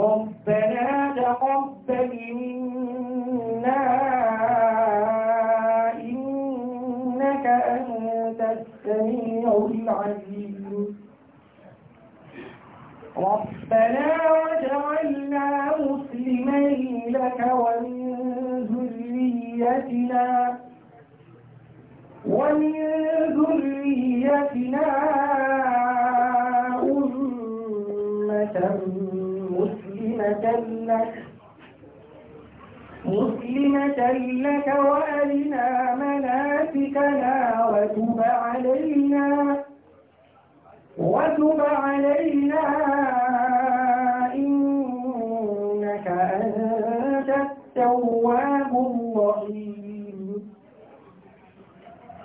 ربنا تقبل منا إنك أنت السميع العليم ربنا وجعلنا مسلمين لك ومن ذريتنا ومن ذريتنا مسلمة لك وأرنا مناسكنا وتب علينا وتب علينا إنك أنت التواب الرحيم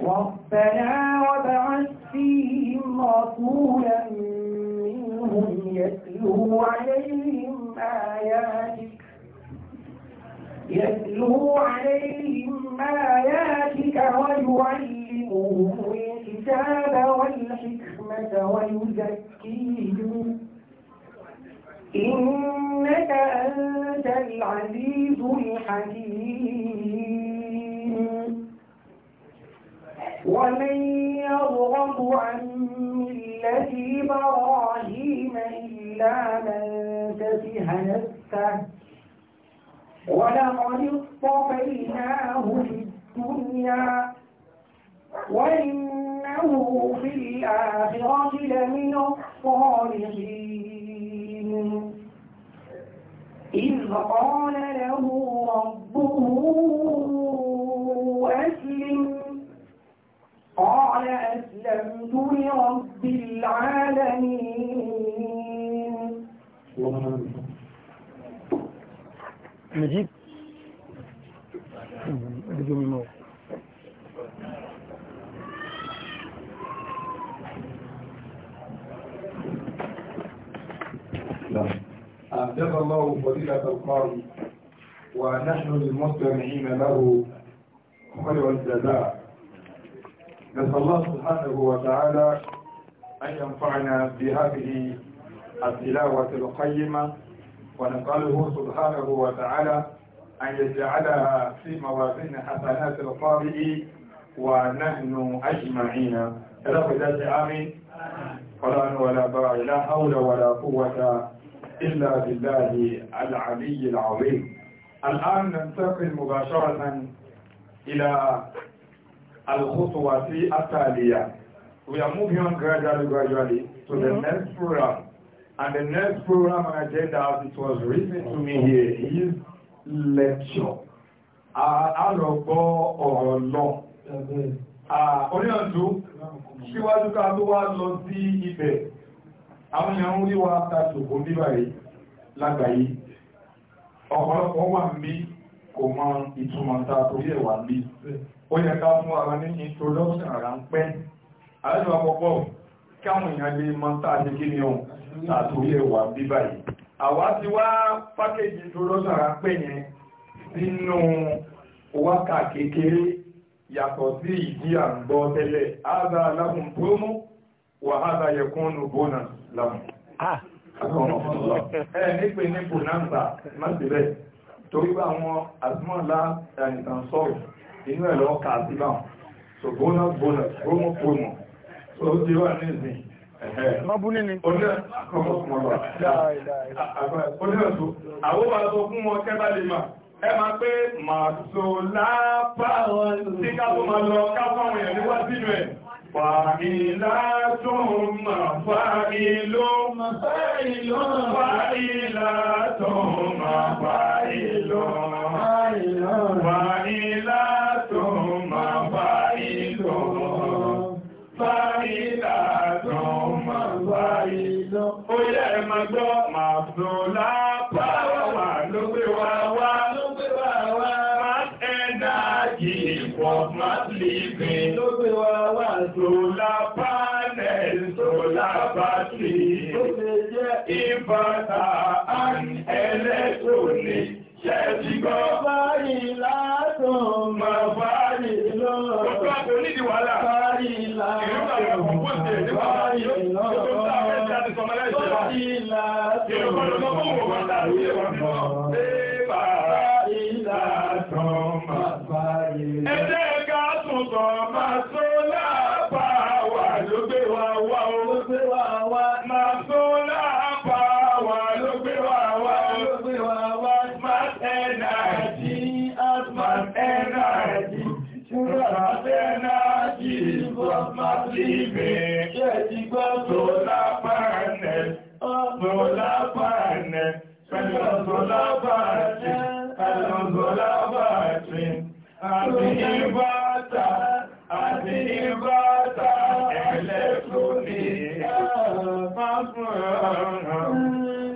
ربنا وابعث فيهم رسولا منهم يتلو عليهم آياتك يتلو عليهم آياتك ويعلمهم الكتاب والحكمة ويزكيهم إنك أنت العزيز الحكيم ومن يرغب عن ملة إبراهيم إلا من تفه نفسه ولقد اصطفيناه في الدنيا وإنه في الآخرة لمن الصالحين إذ قال له ربه قال أسلمت لرب العالمين نجيب نجيب الموت أعجب الله فضيلة القاضي ونحن للمستمعين له خير الجزاء نسأل الله سبحانه وتعالى أن ينفعنا بهذه التلاوة القيمة ونسأله سبحانه وتعالى أن يجعلها في موازين حسنات القارئ ونحن أجمعين رب ذات آمين ولا ولا برع لا حول ولا قوة إلا بالله العلي العظيم الآن ننتقل مباشرة إلى al-khutwa fi ataliya. We are moving on gradually, gradually to the mm-hmm. next program. And the next program I agenda, as it was written to me here, is lecture. A lọ gbọ́ ọ̀rọ̀ lọ. Oníyànjú, síwájú ká tó wá lọ sí ibẹ̀. Àwọn èèyàn ń rí wa tàṣòkò níbàrí lágbàáyé. Ọ̀pọ̀lọpọ̀ wà ń bí kò mọ ìtumọ̀ torí ẹ̀wà ń bí ó yẹ ká fún ara ní introduction ara ń pẹ́ àlejò àkọ́kọ́ káwọn èèyàn lè mọ tá a ti kí ni ohun àtòrí ẹwà bí báyìí àwa ti wá pákéjì introduction ara pẹ́ yẹn sínú wákà kékeré yàtọ̀ sí ìdí àgbọ́ tẹ́lẹ̀ áza lámùn promo wà áza yẹkún bonus lámùn ẹ̀ nípe ní bonanza má sí bẹ́ẹ̀ torí bá àwọn àtúmọ̀lá ẹ̀nìtàn sọ́ọ̀rọ̀ inú ẹ̀ lọ́wọ́ kà sí báwọn so bónà bónà promo promo so ó ti wà ní ìsìn Mọ́búní ni. Onílẹ̀ tó, àwọn máa sọ fún wọn kẹ́bà lè máa, ẹ máa pé máa so lápá tí káàkó máa lọ káàkó àwọn èèyàn níwá sínú ẹ̀. Fàílá tó máa fàíló, fàílá tó máa fàíló, fàíló. gbọ́ màbúlá pàwọ́wà ló gbé wa wá ló gbé wa wá mass energy for mass living ló gbé wa wá solar panel solar battery ó ṣe jẹ́ inverter and electronic ṣẹ́ẹ̀dìgbọ́ báyìí látọ̀ máa báyìí lọ́rọ̀ ó tọ́ àpò nídìí wàhálà báyìí látọ̀ máa báyìí lọ́rọ̀ ọ̀rọ̀ lọ́wọ́ wọ̀ wá láàrúyẹ̀ wà ní فالغلبات الغلبات أذهبت أذهبت إليكني مظلما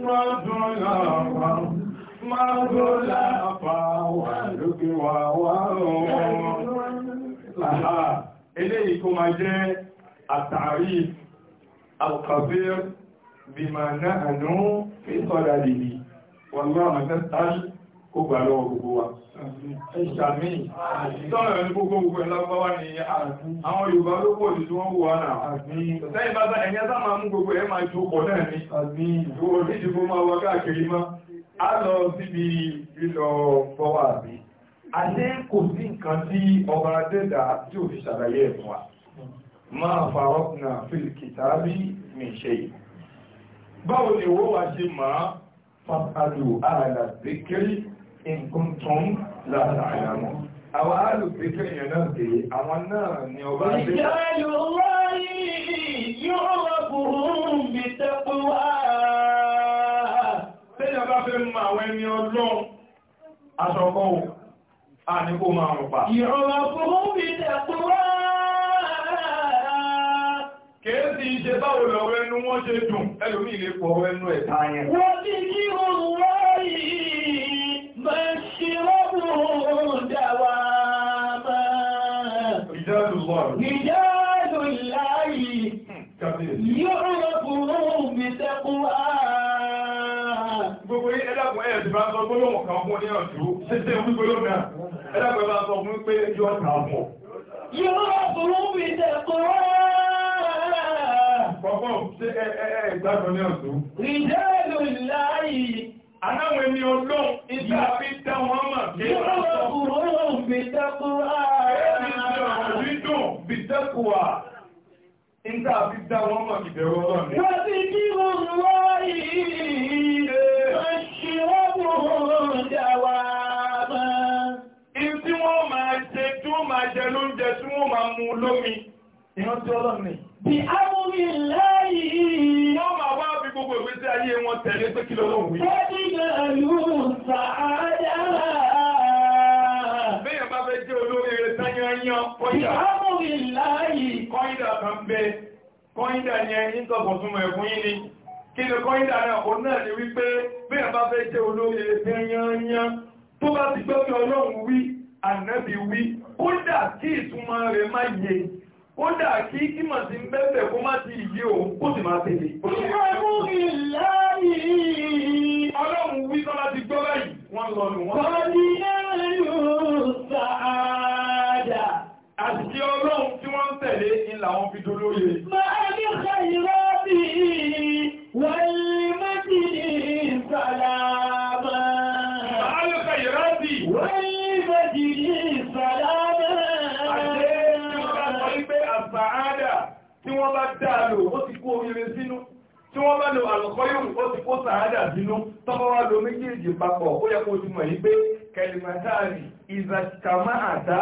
مظلما مظلما ولقوا وروما إليكم أجل التعريف القصير بما نحن في صدده wọ́n náà àtẹ́sán kó gbà lọ́wọ́ gbogbo wa. Ẹ̀ṣàmì, tọ́rọ ẹni gbogbo gbogbo ẹlábáwá ni àwọn Yorùbá ló pọ̀ jù tí wọ́n wù wá náà. Sẹ́yìn bá bá ẹ̀yẹ́ ni. Ìwọ̀n ní ìdìbò máa wá káàkiri má. A lọ síbi lílọ bọ́wà bí. Adé kò sí nǹkan tí ọba Adéda tí ò fi ṣàlàyé ẹ̀ wa. Máa fa ọ̀pùnà fìlìkìtà bí mi ṣe yìí. Báwo ni owó wa ṣe máa fàbàlù ààlà bèkèrè ìkùntùn láàrà àyàmọ́ àwọn ààlù bèkèrè yẹn náà dé àwọn náà ni ọba dé ìyáyò wáyé yóò rọ̀bùn bí tẹ́kùwá tẹ́yà bá fẹ́ mọ àwọn ẹni ọlọ́run kèézi ṣe báwo lọ́wọ́ ẹnu wọ́n ṣe dùn ẹlòmí ilé pọ̀ ẹnu ẹ̀ta yẹn. wọ́n ti kí òwúrọ̀ yìí mọ̀ ṣe rọ́bùn dàwà máa. ìjádùn wọ́n. ìjádùn láàyè yóò rọ́bùn mi sẹ́kù á. gbogbo ẹ̀dàkùn ẹ̀ ti bá sọ gbólóhùn kan fún ní ọ̀dọ́ ṣẹṣẹ wí gbólóhùn náà ẹ̀dàkùn ẹ̀ àkọ́kọ́ ṣe ẹgbàgbọ́n ní ọ̀tọ́. Ìjẹ́lù láàyè. Aláwọ̀ ẹni ọlọ́run ìgbà fi dá wọn mà kí wọ́n sọ. Yóò fi tẹ́kùwà. Ẹni tí ọ̀rọ̀ dídùn fi tẹ́kùwà. Nígbà fi dá wọn mà kì bẹ̀rù ọlọ́run. Wọ́n ti kí Ìrántí ọlọ́run nìyí bí amúrí lẹ́yìn. Wọ́n máa wá bí gbogbo ìgbésí ayé wọn tẹ̀lé pé kí ló lóun wí. Bẹ́ẹ̀ni náà ló ń fa àádá. Béèyàn bá fẹ́ jẹ́ olórí rẹ̀ tányányán kọ́ńdà. Bí amúrí lẹ́yìn. Kọ́ńdà kan bẹ, kọ́ńdà yẹn ń tọ̀pọ̀ súnmọ́ ẹ̀fún yín ni. Kí ni kọ́ńdà náà? Òun náà ni wípé béèyàn bá fẹ́ jẹ́ olórí rẹ̀ tányányán tó bá ti gbọ́ pé ọlọ́run wí, ànábì wí, kódà kí ìtumọ̀ rẹ̀ má yé kódà kí kí mà sí bẹ́ẹ̀bẹ̀ kó má ti yí òun kó sì máa tẹ̀lé. ọlọ́run wí tọ́lá ti gbọ́ báyìí wọ́n lọ nù wọ́n. kọ́ni ẹ̀rù sàádà. àti ọlọ́run tí wọ́n ń tẹ̀lé ni làwọn fi dolóye. máa ní wọ́n wọ́n bá dáa lò ó ti kó oríire sínú tí wọ́n bá lo àlọ́kọ́ yòówù ó ti kó sàádà sínú tọ́pọ̀ wá lo méjèèjì papọ̀ ó yẹ kó ti mọ̀ yìí pé kẹlìmọ̀tàrí àdá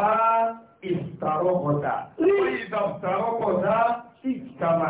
ìtàrọ́kọ̀tà ó ìtàmà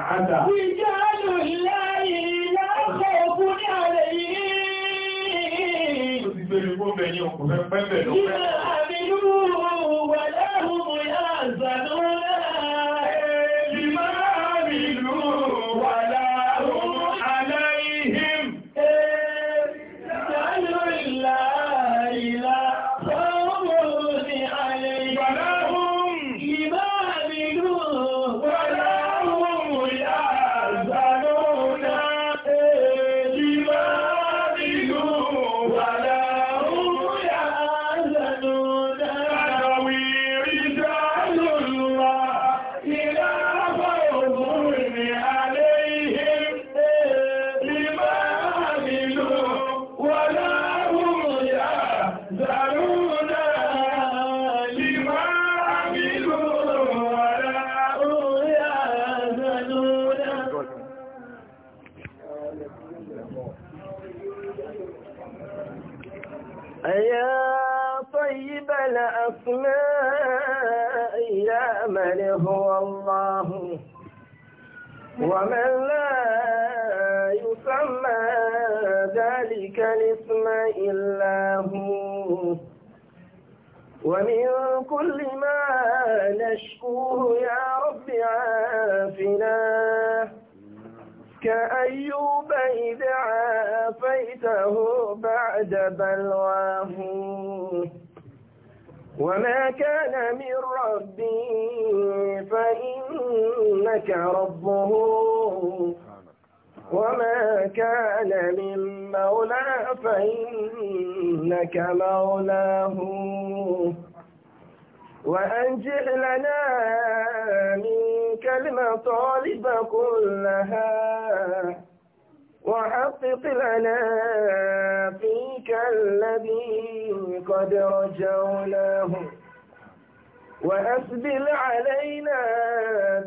ومن كل ما نشكوه يا رب عافنا كأيوب إذا عافيته بعد بلواه وما كان من ربي فإنك ربه وما كان من المولى فإنك مولاه وأنجح لنا منك المطالب كلها وحقق لنا فيك الذي قد رجوناه وأسبل علينا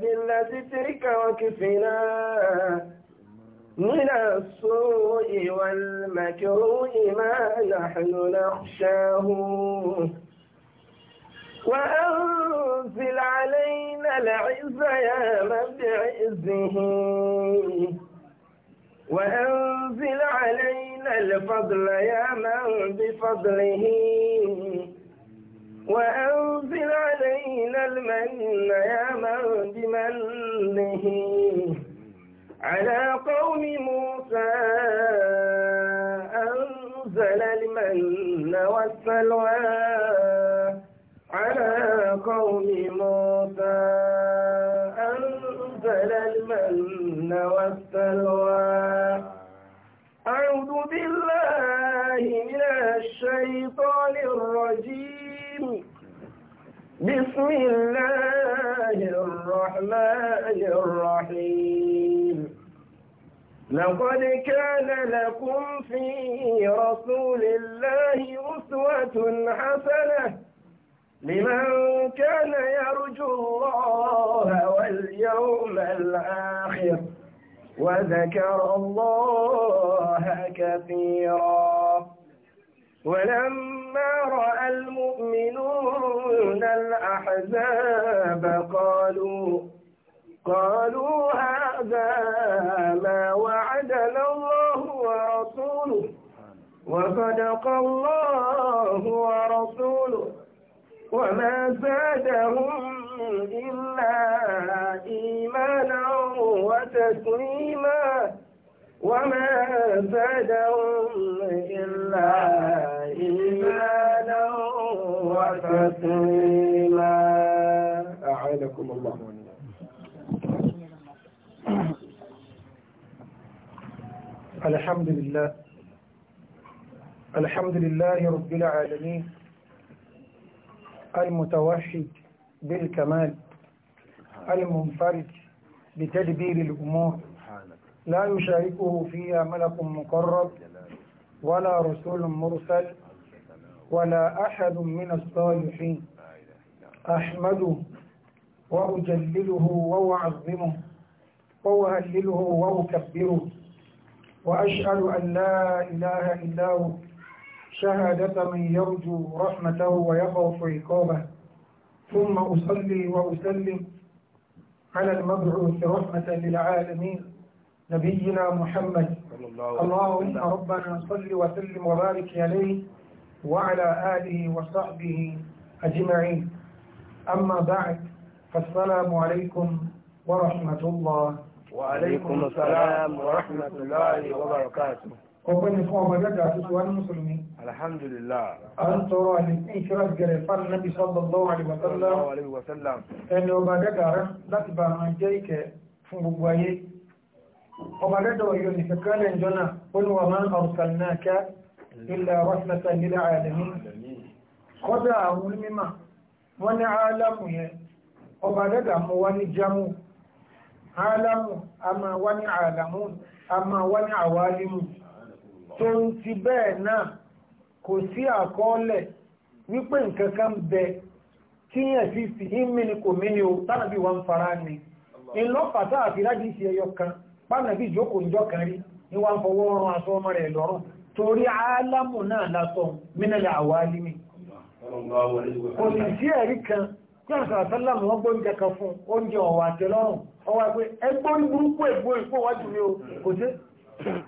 بالذي سترك وكفنا من السوء والمكروه ما نحن نخشاه وأنزل علينا العز يا من بعزه وأنزل علينا الفضل يا من بفضله وأنزل علينا المن يا من بمنه على قوم موسى أنزل المن والسلوى على قوم موسى أنزل المن والسلوى أعوذ بالله من الشيطان الرجيم بسم الله الرحمن الرحيم لقد كان لكم في رسول الله أسوة حسنة لمن كان يرجو الله واليوم الآخر وذكر الله كثيرا ولما رأى المؤمنون الأحزاب قالوا قالوا هذا ما وعدنا الله ورسوله وصدق الله ورسوله وما زادهم إلا إيمانا وتسليما وما زادهم إلا إيمانا وتسليما أعانكم الله الحمد لله الحمد لله رب العالمين المتوحد بالكمال المنفرد بتدبير الأمور لا يشاركه فيها ملك مقرب ولا رسول مرسل ولا أحد من الصالحين أحمده وأجلله وأعظمه وأهلله وأكبره وأشهد أن لا إله إلا هو شهادة من يرجو رحمته ويخاف عقابه ثم أصلي وأسلم على المبعوث رحمة للعالمين نبينا محمد الله اللهم ربنا صل وسلم وبارك عليه وعلى آله وصحبه أجمعين أما بعد فالسلام عليكم ورحمة الله وعليكم السلام ورحمة الله وبركاته ọgbẹ́ ni fún ọmọ ẹgbẹ́ àti ṣùgbọ́n ní mùsùlùmí. alhamdulillah. a ń tọrọ ní ìṣẹ́lẹ̀ gẹ̀rẹ̀ fún nàbí sallallahu alaihi wasallam. ẹni ọba gẹ́gà rẹ̀ láti bá àwọn jẹ́ ìkẹ́ fún gbogbo ayé. ọba gẹ́gà ọ̀yọ́ ní kẹ́kẹ́lẹ̀ ìjọ náà ó ní wà máa ń arsalnaka illa rahmatan lil alamin. kọ́dà àwọn onímọ̀ wọ́n ní alámù yẹn ọba gẹ́gà mú wá ní jámù alamu a máa wá ní a máa wá tó ń ti bẹ́ẹ̀ náà kò sí àkọọ́lẹ̀ wípé nǹkan kan bẹ tí yẹn sí sí ìmìnì kò o tánàbí wọn fara ni ìlọ́pàá tá àti rájì sí ẹyọ kan pánàbí ìjókòó ìjọ kan rí ní wọ́n fọwọ́ ọrùn aṣọ ọmọ rẹ̀ lọ́rùn torí alámù náà lásọ mínàlẹ̀ kò sì sí ẹ̀rí kan tí àṣà kan ọwọ́ pé ẹgbọ́ ní burúkú ẹgbọ́ ìpò wájú ní o kò dé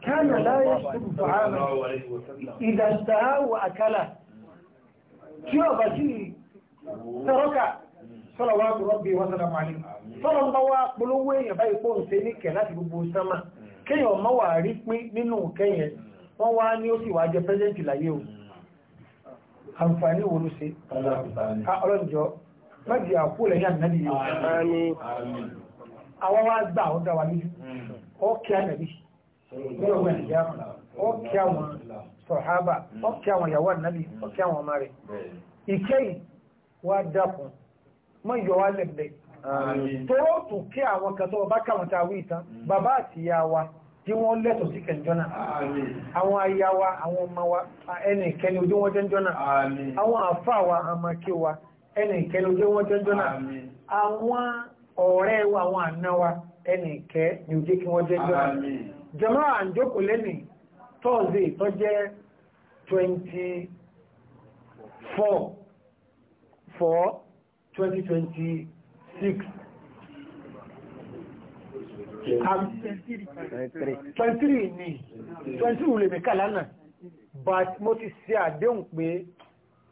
kánà láyé ṣùgbùn ààrẹ ìdàṣàáwò àkálà tí ó bá sí tọ́rọ́kà sọ́lọ̀wọ́ rọ́bí wọ́n sọ́lọ̀ máa ní sọ́lọ̀ bá wá polówó èèyàn bá ipò ń se ní kẹ̀ láti gbogbo sánmà kéèyàn má wà rí pín nínú kẹ́yẹn wọ́n wá ní ó sì wá jẹ pẹ́sẹ́ntì láyé o àǹfààní wo ló ṣe ọlọ́njọ́ ah, má di àkó lẹ́yìn ànábì yìí àwọn wá wa lójú ọkẹ́ ànàbí ọkẹ́ àwọn sọ̀hábà ọkẹ́ àwọn ìyàwó ànàbí ọkẹ́ àwọn ọmọ rẹ̀ hmm. ìkẹyìn wá dákun mọ́ yọ wá lẹ́gbẹ̀ tóró tù kí àwọn kan tó bá káwọn ta wí ìtàn hmm. bàbá àti ìyá wa tí wọ́n lẹ́tọ̀ sí kẹjọ́nà àwọn aya wa àwọn ọmọ wa ẹni ìkẹni ojú wọn jẹ́jọ́nà àwọn àfà wa àmàkí wa ẹni ìkẹni ojú wọn jẹ́jọ́nà àwọn ọ̀rẹ́ wa àwọn àna wa ẹnì kẹ́ ni ò jẹ́ kí wọ́n jẹ́ jọ́ra jọmọ́ à ń jókòó lẹ́nì tọ́ọ̀dé tó jẹ́ 24 2026 23 ni 22 lè mẹ́kà lánàá but mo ti ṣe àdéhùn pé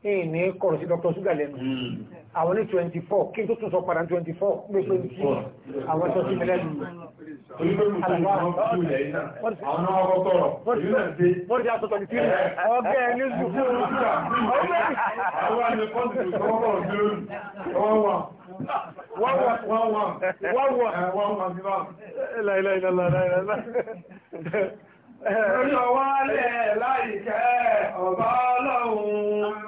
ní kọ̀rọ̀ sí dr sugar lẹ́nu hmm. àwọn ní 24 kí n tó tún sọ padà 24 gbogbo ní kí àwọn ẹ̀sọ́ sí mẹ́lẹ́nu Orí ọwọ́ alẹ́ láìkẹ́ ọ̀bá ọlọ́run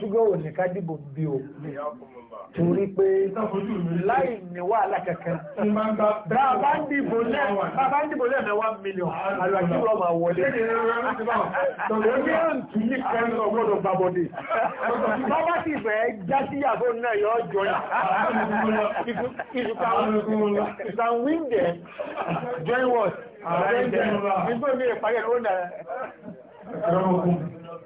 ṣùgbọ́n ò ní ká dìbò bí o torí pé láì ní wàhálà kẹ̀kẹ́ bá a bá ń dìbò lẹ́ẹ̀mẹ́wàá mílíọ̀n alùpàdé máa wọlé oní àǹtí ní kan sọ gbọ́dọ̀ gbàbọ̀dé bábá sì fẹ́ já sí àbò náà yọ jọ ìsùkàn wíńdẹ̀ join us nígbà mi ìparí ẹ̀ lónà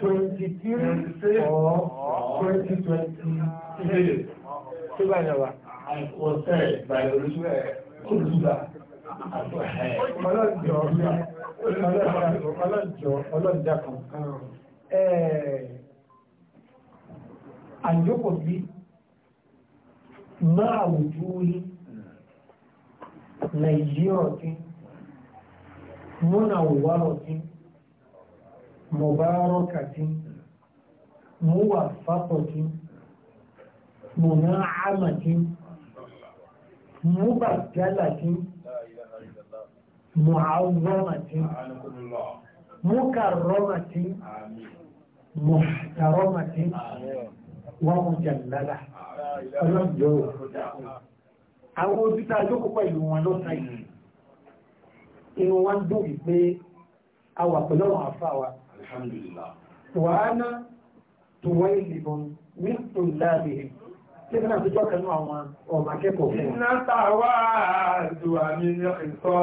23 or 2023. Ṣé báyìí náà wà? Àìkọ̀ọ́sẹ̀ báyìí olùsúwẹ̀ olùsúwà. Ọlọ́jọ́ ọlọ́jọ́ ọlọ́jà kan. Àjókò bí máa wùjú rí Nàìjíríà tí, múnà wùwárọ̀ tí, mubarakatin muwafaqatin muna'amatin mubadalatin mu'awwamatin mukarramatin muhtaramatin wa mujallala ọlọ́jọ́ àwọn ojúta jókòó pẹ̀lú wọn lọ́ta yìí inú wọn dùn wípé a wà pẹ̀lú àwọn alhamdulillah wà á ná tó wáyé ìbọn ní ìlàbìrì tí náà tó jọ́kẹ́ ní àwọn ọmọ akẹ́kọ̀ọ́ fún un. ìnáta wà àdùn àmì ìsọ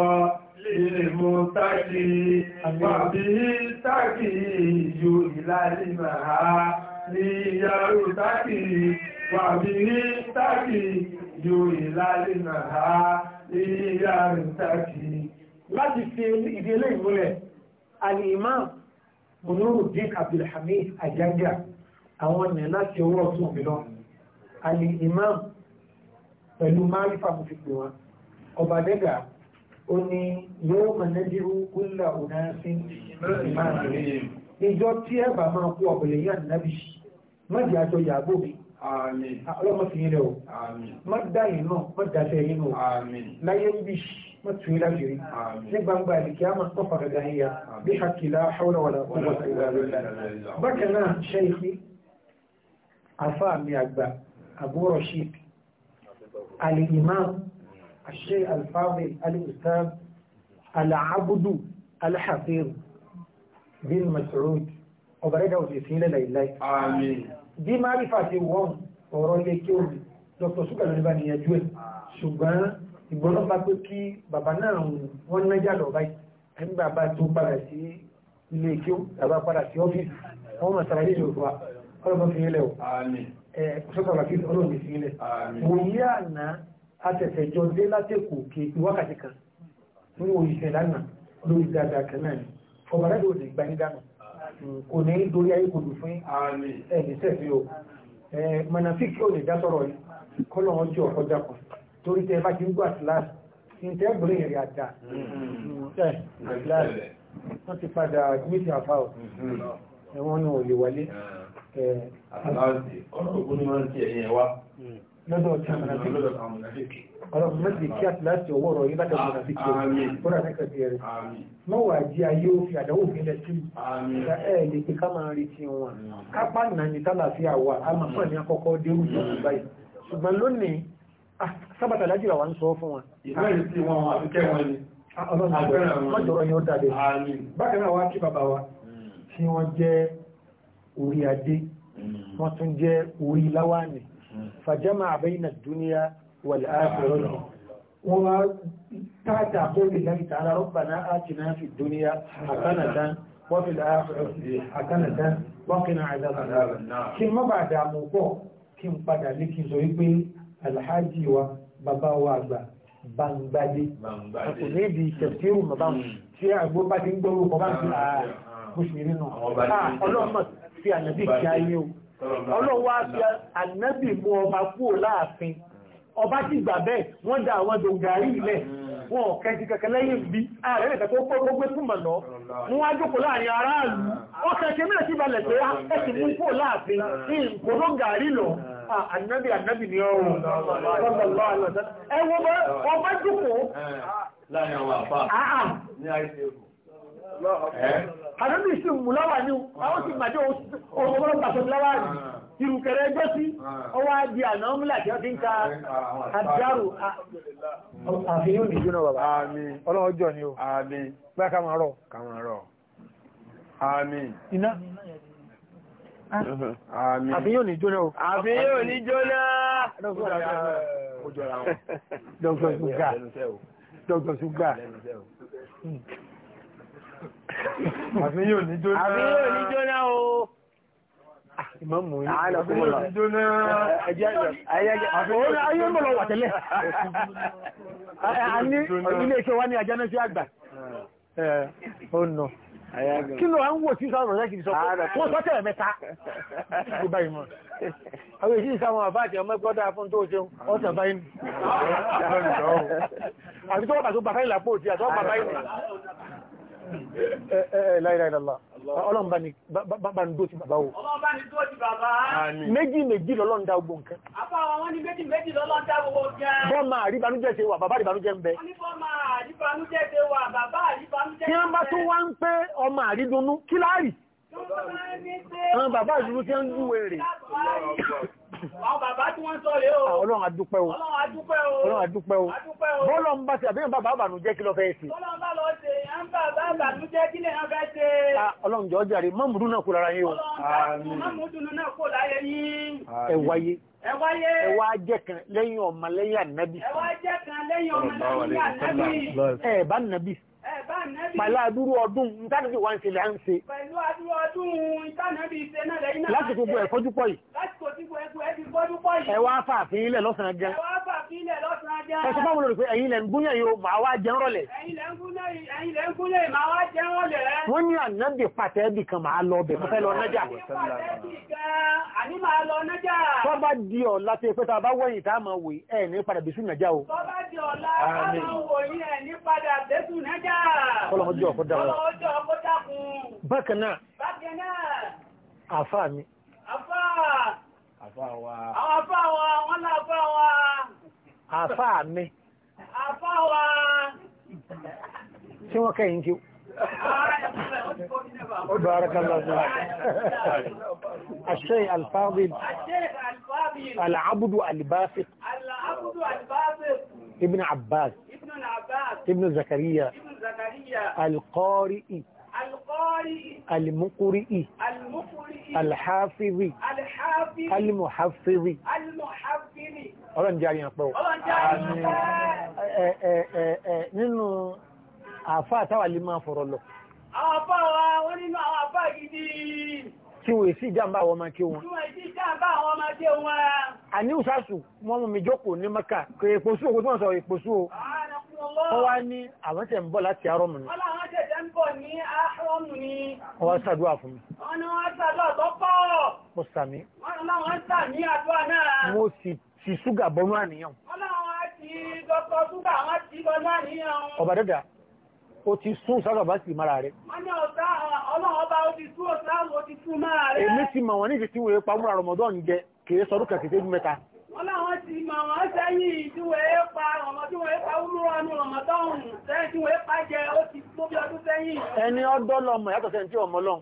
lè mú táàkì wà bí táàkì yóò ìlàlì màá ní yàrá táàkì wà bí táàkì yóò ìlàlì màá ní yàrá táàkì. láti fi ìdílé ìmúlẹ̀ àlè ìmáà Munirudin Abdulhamid Ajaja àwọn ènìyàn láti ọwọ́ ọ̀tún mìíràn àlè imam pẹ̀lú márífà mo fi pè wọn ọba dẹ́gà ó ní yóò mọ̀nẹ́dírú kúlà ònàásín ìmáàrin ìjọ tí ẹ bá máa kú ọ̀pẹ̀lẹ̀ yá nàbì mọ́jì àjọ yàgò mi ọlọ́mọ fi yín rẹ̀ o má dá náà má dá sẹ́yìn náà láyé ń bì í. ما تسوي أجري شيء نبقى يا يا طفق دهية بحق لا حول ولا قوة إلا بالله بكنا شيخي أفام يا أبا أبو رشيد الإمام الشيخ الفاضل الأستاذ العبد الحفيظ بن مسعود وبركة وسيسيلة لله آمين دي معرفة وهم ورولي كيوبي دكتور سوكا لنباني يجوز سبحان ìgbọ́nà bá pé kí bàbá náà wọ́n nájà lọ báyìí ẹni bàbá tó padà sí ilé ìkíó bàbá padà sí ọ́fíìsì wọ́n mọ̀ sàlàyé ìlú wa ọlọ́mọ fi ilẹ̀ o ṣọ́kà bàbá kìí ọlọ́mọ fi ilẹ̀ wò yí àná àtẹ̀tẹ̀ jọ dé látẹ̀kù kí wákàtí kan nínú òyìṣẹ́ lánàá lórí dáadáa kan náà ni ọ̀bàdà yóò lè gba yín dànù kò ní dorí ayé kò dùn fún ẹ̀ẹ́dẹ́sẹ̀ fi o mọ̀nàfíìkì ò lè dá sọ̀rọ̀ yìí kọ́lọ́ ọjọ́ ọkọ̀ jápọ̀ torí tẹ́ bá ti ń gbà síláàsì ìtẹ́ gbọ́lé ìrìn àjà tẹ́ síláàsì wọ́n ti padà gbíṣì àfáà ẹ̀wọ́n náà lè wọlé lọ́dọ̀ tí a mọ̀ náà ọlọ́pùn mẹ́sì kí àti láti ọwọ́ ọ̀rọ̀ yí látọ̀ mọ̀ sí kí fúnra mẹ́kà sí ẹ̀rẹ̀ mọ́wàá jí ayé òfin àdáwò ìpínlẹ̀ sí ìgbà ẹ̀ lè pé ká máa retí wọn kápá nà ní tálàfíà wà á máa fún ẹ̀mí akọ́kọ́ dérú ìjọba báyìí ṣùgbọ́n lónìí ah, sábàtà lájìlá wà ń sọ fún wọn ìgbẹ́rin sí wọn àfikẹ́ wọn ni mọ́jọ̀rọ̀ ni ó dàbẹ̀ bákan náà wá kí bàbá wa tí wọ́n jẹ́ orí adé hmm. wọ́n tún jẹ́ orí láwánì fàjẹ́mà àbẹ́yìn dúníà wà láàrín wá tààtà bóòlì láti tààrà rọ́bàná àti náà fi dúníà àkánàdán wọ́n fi láàrín àkánàdán wọ́n kí náà àdábàdà kí n mọ́ pọ̀ kí n padà lé kí n sọ wípé alhaji Baba wa àgbà bangbadé kò ní ibi ìṣẹ̀tìrù bàbá mu hmm. tí àgbo bá ti ń gbọ́rù kọ́ bá ń fi ah, ah, bó ṣe rí náà ah, ọlọ́mọ fi ànábì kí ayé o ọlọ́wọ́ fi ànábì mú ọba kúrò láàfin ọba ti gbà bẹ́ẹ̀ wọ́n da àwọn dòǹgàrí ilẹ̀ hmm. wọn ò kẹ́jì kẹ̀kẹ́ lẹ́yìn bí ààrẹ nìkan tó kó gbogbo túnmọ̀ lọ mú wá jókòó láàrin aráàlú ó kẹ̀kẹ́ mìíràn sí balẹ̀ pé ẹ̀sìn mú kúrò láàfin ní hmm. ìkòdóǹgàrí ànábì ànábì ni ọrùn lọ́lọ́lọ́ àlọ́sán ẹwọ́ bá ọba jùkú láàrin àwọn àpá ní àìsíkù ànábì sí múláwà ní àwọn sì màjọ òṣùgbọ́n pàṣẹ múláwà rí ìrùkẹ̀rẹ̀ ah. ẹjọ́ sí ọwọ́ ah. àdì àná múlà tí ó ti ń ka àdárò àfihàn ní jóná bàbá ọlọ́ọjọ́ ni ó bá kàmàrọ̀ kàmàrọ̀ àmín iná Ah. àbí yóò ní jóná o. àbí yóò ní jóná. dọ́gbọ̀n ṣúgà dọ́gbọ̀n ṣúgà. àbí yóò ní jóná. àbí yóò ní jóná o. Ah, Ìmọ̀mù yìí. Àbí yóò ní jóná. Ayé ń bọ̀ lọ wà tẹ́lẹ̀. A ní ilé iṣẹ́ wa ní ajánásí àgbà. Eh, ó nà kí ló ń wò tí sáwọn ọ̀rẹ́ kìí sọ pé wọ́n sọ́tẹ̀ mẹ́ta kò báyìí mọ́ àwọn èyí sáwọn àbá àti ọmọ ẹgbọ́dá fún tó ṣeun ọ̀tẹ̀ báyìí àbí tó wọ́n bàtó bàbá ìlàpò tí àtọ́ bàbá ìlàpò láìláìlá eh, eh, eh, ọlọ́run bá ní dó ti bàbá o méjì méjì lọ́lọ́run dá ogbò nǹkan bọ́ máa ṣe wà bàbá àríbanújẹ́ ń bẹ kí wọ́n bá tó wá ń pé ọmọ àrídunú kí láàrí bàbá ìdúró ń júwe Àwọn bàbá tí wọ́n sọ rẹ̀ ah, o. Ọlọ́run adúpẹ́ o. Ọlọ́run adúpẹ́ o. Ọlọ́run adúpẹ́ o. Bọ́lọ̀ ń bá ti àbíyàn bàbá bànú jẹ́ kí lọ fẹ́ ṣe. Ọlọ́run bá lọ ṣe, à ń bàbá bànú jẹ́ kí lẹ́yàn fẹ́ ṣe. Ah, Ọlọ́run jọ jàre, mọ́mùdún náà kó lára yín o. Ọlọ́run mọ́mùdún náà kó láyé yín. Ẹ wáyé ẹ wá jẹ́ kan lẹ́yìn ọmọ lẹ́yìn ànábì. ẹ wá jẹ́ kan lẹ́yìn ọmọ lẹ́yìn ànábì. ẹ bá nàbì pẹ̀lú àdúrú ọdún ìtànàbí wọ́n ṣe lẹ́ ń ṣe láti gbogbo ẹ̀ fọ́jú pọ̀ yìí ẹwà fàáfin ilẹ̀ lọ́sàn jẹ́ ẹ̀ṣẹ́ báwọn olùpẹ́ ẹ̀yìn lẹ́ ń gúnyẹ̀ yóò máa wá jẹ́ rọ̀lẹ̀ wọ́n ní ànábì pàtẹ́ ẹbì kan máa lọ bẹ̀ fẹ́ lọ nájà tọ́ bá di ọ̀ láti ẹ̀pẹ́ ta bá wẹ̀yìn tá máa wè ẹ̀ ní padà bẹ̀sùn nájà o tọ́ bá di ọ̀ láti ẹ̀pẹ́ ta máa wò yí ẹ̀ ní padà bẹ̀sùn nájà kọ́lọ́mọjọ́ ọkọ̀ dára bákan náà àfáà mi àfáà wa àfáà wa wọ́n láàfáà wa àfáà mi àfáà wa tí wọ́n kẹ́yìn kí بارك الله فيك الشيء الفاضل العبد الباسط العبد الباسط ابن عباس ابن زكريا القارئ المقرئ الحافظ المحفظ ọlọ́n jẹ́ àríyàn pọ̀ nínú àfá àtàwà lè máa fọ̀rọ̀ lọ àwọn àfá wa wọ́n nínú àwọn àfá gidi tí wọ́n èsì ìjàmbá àwọn ọmọ kí wọn a ní ìsásù wọ́n mú mi jókòó ní maka kò èpòsú òkú tí wọ́n sọ èpòsú o wọ́n wá ní àwọn tẹ̀ ń bọ̀ láti arọ́mù ni wọ́n wá sàdúwà fún mi mo sàmí mo sì ti ṣúgà bọ́nú àníyàn ọba dẹ́dà o ti sún sára bá sì mara rẹ̀. Èmi ti mọ̀ wọ́n ní ìfẹ́ tí wòye pa múra Ramadan jẹ kìí sọdún kẹ̀kẹ́ mẹ́ta. wọ́n láwọn ti mọ̀ wọ́n sẹ́yìn tí pa ọmọ pa ní sẹ́yìn tí wọ́n pa jẹ ó ti tó ọdún sẹ́yìn ẹni ọdọ́lọmọ yàtọ̀ sẹ́yìn tí ọmọ lọ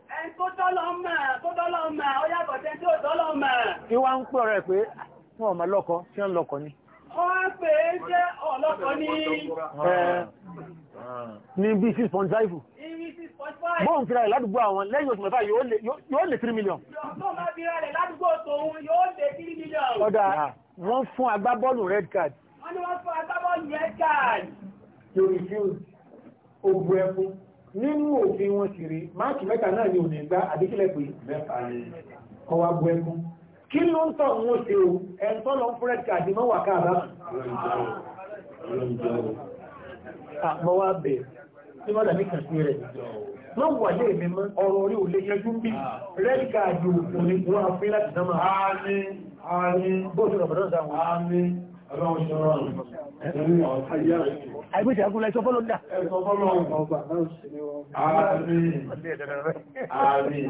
ẹni sẹ́yìn tí Mọ́ ń fira rẹ̀ ládùúgbò àwọn lẹ́yìn oṣù mẹ́fà yóò lè 3 million. Ọ̀dà wọ́n fún agbábọ́ọ̀lù red card. Wọ́n ní wọ́n fún agbábọ́ọ̀lù red card. Yóò refuse, ó ẹkún. Nínú òfin wọn sì rí, máàkì mẹ́ta náà ni ò ní gbá àdíkílẹ̀ pé mẹ́fà ni kọ́ wa bu ẹkún. Kí ló ń tọ̀ wọ́n ṣe o? Ẹ̀ńtọ́ lọ fún red card mọ́wàá káàbá. Àmọ́ wa bẹ̀rẹ̀ tí wọ́n dàbí kàn sí rẹ̀ wọ́n wà lé mi mọ́ ọ̀rọ̀ orí òlé yẹjú bí rẹ́dí káàdì òkú wọ́n á fín láti sánmà àmín àmín bóòtù rọ̀bọ̀dọ̀ sáwọn àmín ọlọ́run ṣọ́rọ̀ ẹ̀sìn ọ̀tayá àìgbésẹ̀ agúnlẹ̀ ẹ̀sọ́ fọ́lọ́ dà ẹ̀sọ́ fọ́lọ́ sí wọ́n àmín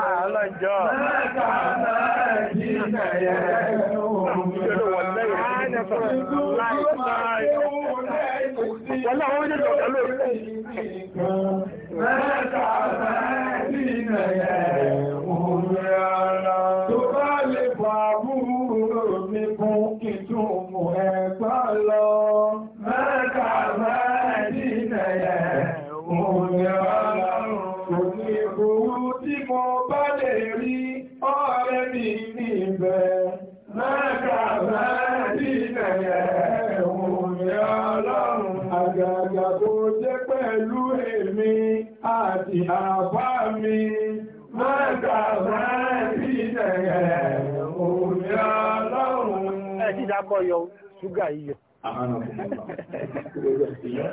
Àlọ́jọ́. Mẹ́ta náà jí kẹ̀yẹ jẹ́ pẹ̀lú èmi àti àbá mi mẹ́ta mẹ́tì tẹ̀yẹ̀ òní ọlọ́run. Ẹ ti dákọ̀ yọ ṣúgà yíyọ. Àmàna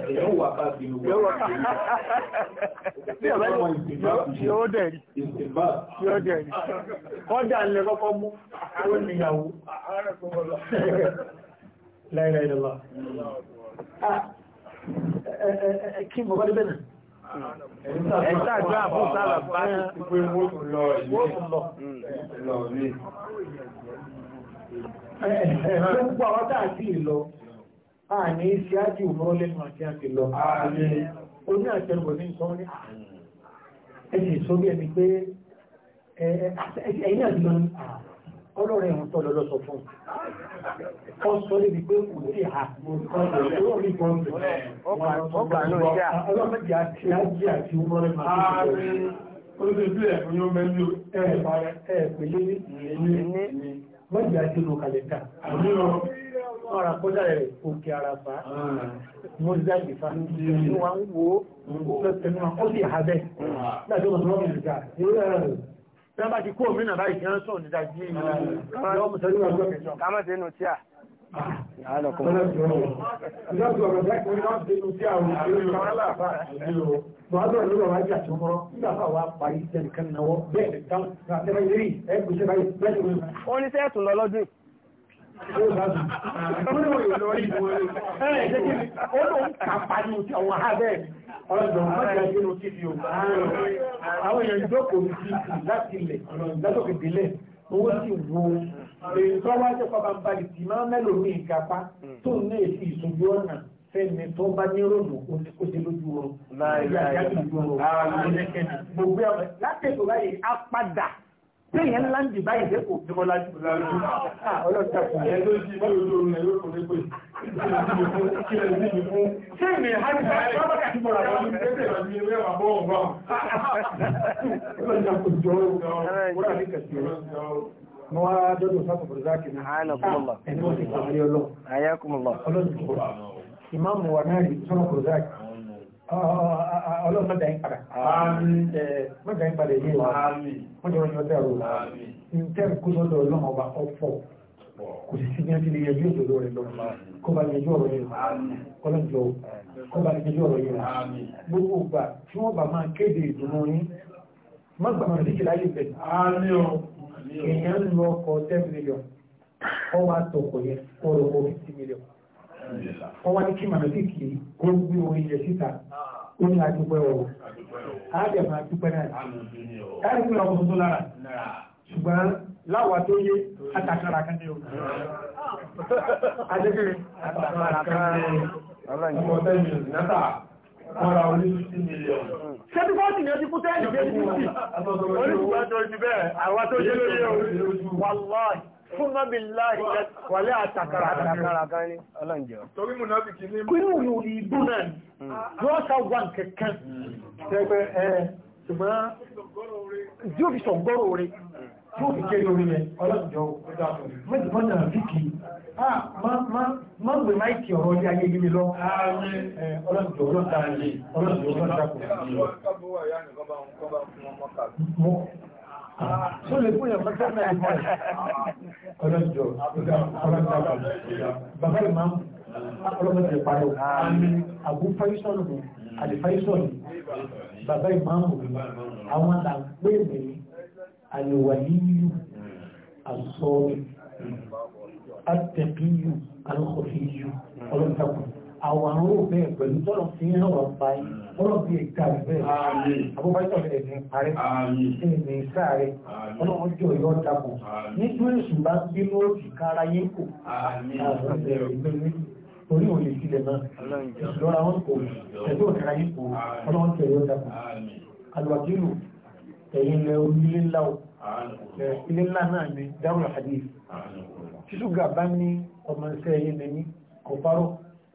ìyẹn wà bá bí lówó. Yóò dẹ̀rí. Yóò dẹ̀rí. Kọ́dà ń lẹ kí mo bá dé bẹ́ẹ̀ náà ẹ̀ta àjọ àbúrò sára bá pé wọ́n lọ ilé gbogbo àwọn táà sí ìlọ a ní ṣe ájú mọ́ lẹ́nu àti àti lọ oní àtẹ́rùbọ̀ ní nǹkan ní ẹ̀sìn sóbí ẹni pé ẹ̀yìn àti lọ ní àà ọlọ́rẹ̀ ń tọ́ lọ́lọ́sọ fún ọ sọ lébi pé kò sí ha olórí kan ọlọ́mọdé àti ajé àti umọ́rẹ́ máa ń bọ̀ olóṣèlú ẹ̀ fún yóò mẹ́lú ẹ̀ ẹ̀ ọ̀rà kọjá rẹ̀ òkè ara fa mọ́já ìfà ní wo ó sì ha bẹ́ẹ̀ láti ọmọ tó wọ́n mú Tẹ́ bá ti kó òmìnà báyìí tí wọ́n sọ ní dájí ìyọ́mù sọ́rí ọjọ́ kẹjọ. Kámọ́ sí inú tíà. Ó ní sẹ́ẹ̀tù lọ lọ́dún. Àwọn èèyàn ìjọ́kò ní sí láti ilẹ̀, látòkè délẹ̀, owó sì wo, èyí tó wá jẹ́ pàbá ń bá lè tí máa mẹ́lò ní ìkápá tó ní èsì ìṣòjú ọ̀nà fẹ́ni tó bá ní ròmù ó ti lójú oorun. Láìláìláì. Gbogbo Téèyàn ńlá ń dìbá ìdé kò fi bọ́lá jù. Ọlọ́ta kù. Ẹ ló jí bá ojú orin ẹ̀rọ kò lépè. Kí lè ní ìfún? Ṣé ìmì ìhájú bá ẹ̀ bá bàkàtí bọ̀rọ̀ àwọn ọmọ ìgbésẹ̀ ìrọ̀lú ilé wà bọ́ ọ̀gbọ́n? Ọlọ́ta kò jọ ọ̀rọ̀ mo wá dọ́dọ̀ sáfà bọ̀rọ̀dáàkì náà ẹni wọ́n ti kọ̀ ní ọlọ́ Ọlọ́run mọ́ta yín padà. Mọ́ta yín padà yé wa. Mọ́ta yín ọjọ́ ẹ̀rọ. Ntẹ́ kó lọ́dọ̀ ọlọ́run ọba ọ̀fọ̀. Kò sì sí ní ẹbí lè yẹjú òdòdó rẹ̀ lọ. Kó bá yẹjú ọ̀rọ̀ yẹn. Ọlọ́run jọ kó bá yẹjú ọ̀rọ̀ yẹn. Gbogbo ìgbà tí wọ́n bá máa kéde ìdùnnú yín. Má gbà máa dìkì láyé bẹ̀. Èèyàn ń lọ ọkọ̀ ten million. Ọwọ́ àtọkọ̀ yẹn kọ́ ọ̀rọ̀ fifty million wọ́n wá ní kí màlẹ́tìkì kó gbé orin yẹn síta ó ní adúpẹ́ ọ̀rọ̀ àádẹ́fà adúpẹ́ náà káàrí pé ọkọ̀ tuntun lára ṣùgbọ́n láwà tó yé àtàkàrà kan ní o adébìrì àtàkàrà kan ní ọmọ tẹ́lẹ̀ nẹ́ta Ọ̀rọ̀ orí 60 million. Ṣé bí fọ́ọ̀tì ni ó ti kú tẹ́lẹ̀ ní 50? Orí ìgbàjọ ìdíbẹ̀, àwọn tó yé lórí ẹ̀ Fúnmọ́ bí láì wọlé àtàkàrà àtàkàrà kan ní ọlọ́njọ́. Torí mú náà bìkì orí, yóò fi kéré orí yẹn ọlọ́njọ́. gbé máìkì ọ̀rọ̀ ní ayé yìí lọ. Ọlọ́njọ́ ọlọ́ta tó lè fún ìyàwó tẹ́lẹ̀ ìmọ̀ ẹ̀ ọlọ́jọ́ ọlọ́jọ́ bàbá ìmọ̀ ọlọ́mọdé ìparọ̀ àbúfáìsọ̀nù àdìfáìsọ̀nù bàbá ìmọ̀ àwọn àgbẹ̀mẹ̀ àlèwàlíyù àsọ̀rọ̀ àtẹ̀kíyù alùkọ̀fíyù ọlọ́jọ́ àwọn àrùn òfin pẹ̀lú tọ́lọ̀ fi ń rọ̀rọ̀ pa yìí tọ́lọ̀ fi ìka rẹ̀ bẹ́ẹ̀ àbúbájọ́ rẹ̀ ní parẹ́ ní ìsá rẹ̀ ọlọ́run jọ yọ dapò nítorí èṣù bá bínú òkì kára yín kò torí òye sílẹ̀ náà lọ́ra wọn kò ẹ̀dọ́ kára yín kò ọlọ́run jọ yọ dapò alùwàkílù ẹ̀yìn ilẹ̀ onílé ńlá ilé ńlá náà ni dáwọ̀ hadith ṣíṣúgà bá ní ọmọ iṣẹ́ ẹ̀yìn lẹ́ni kò parọ́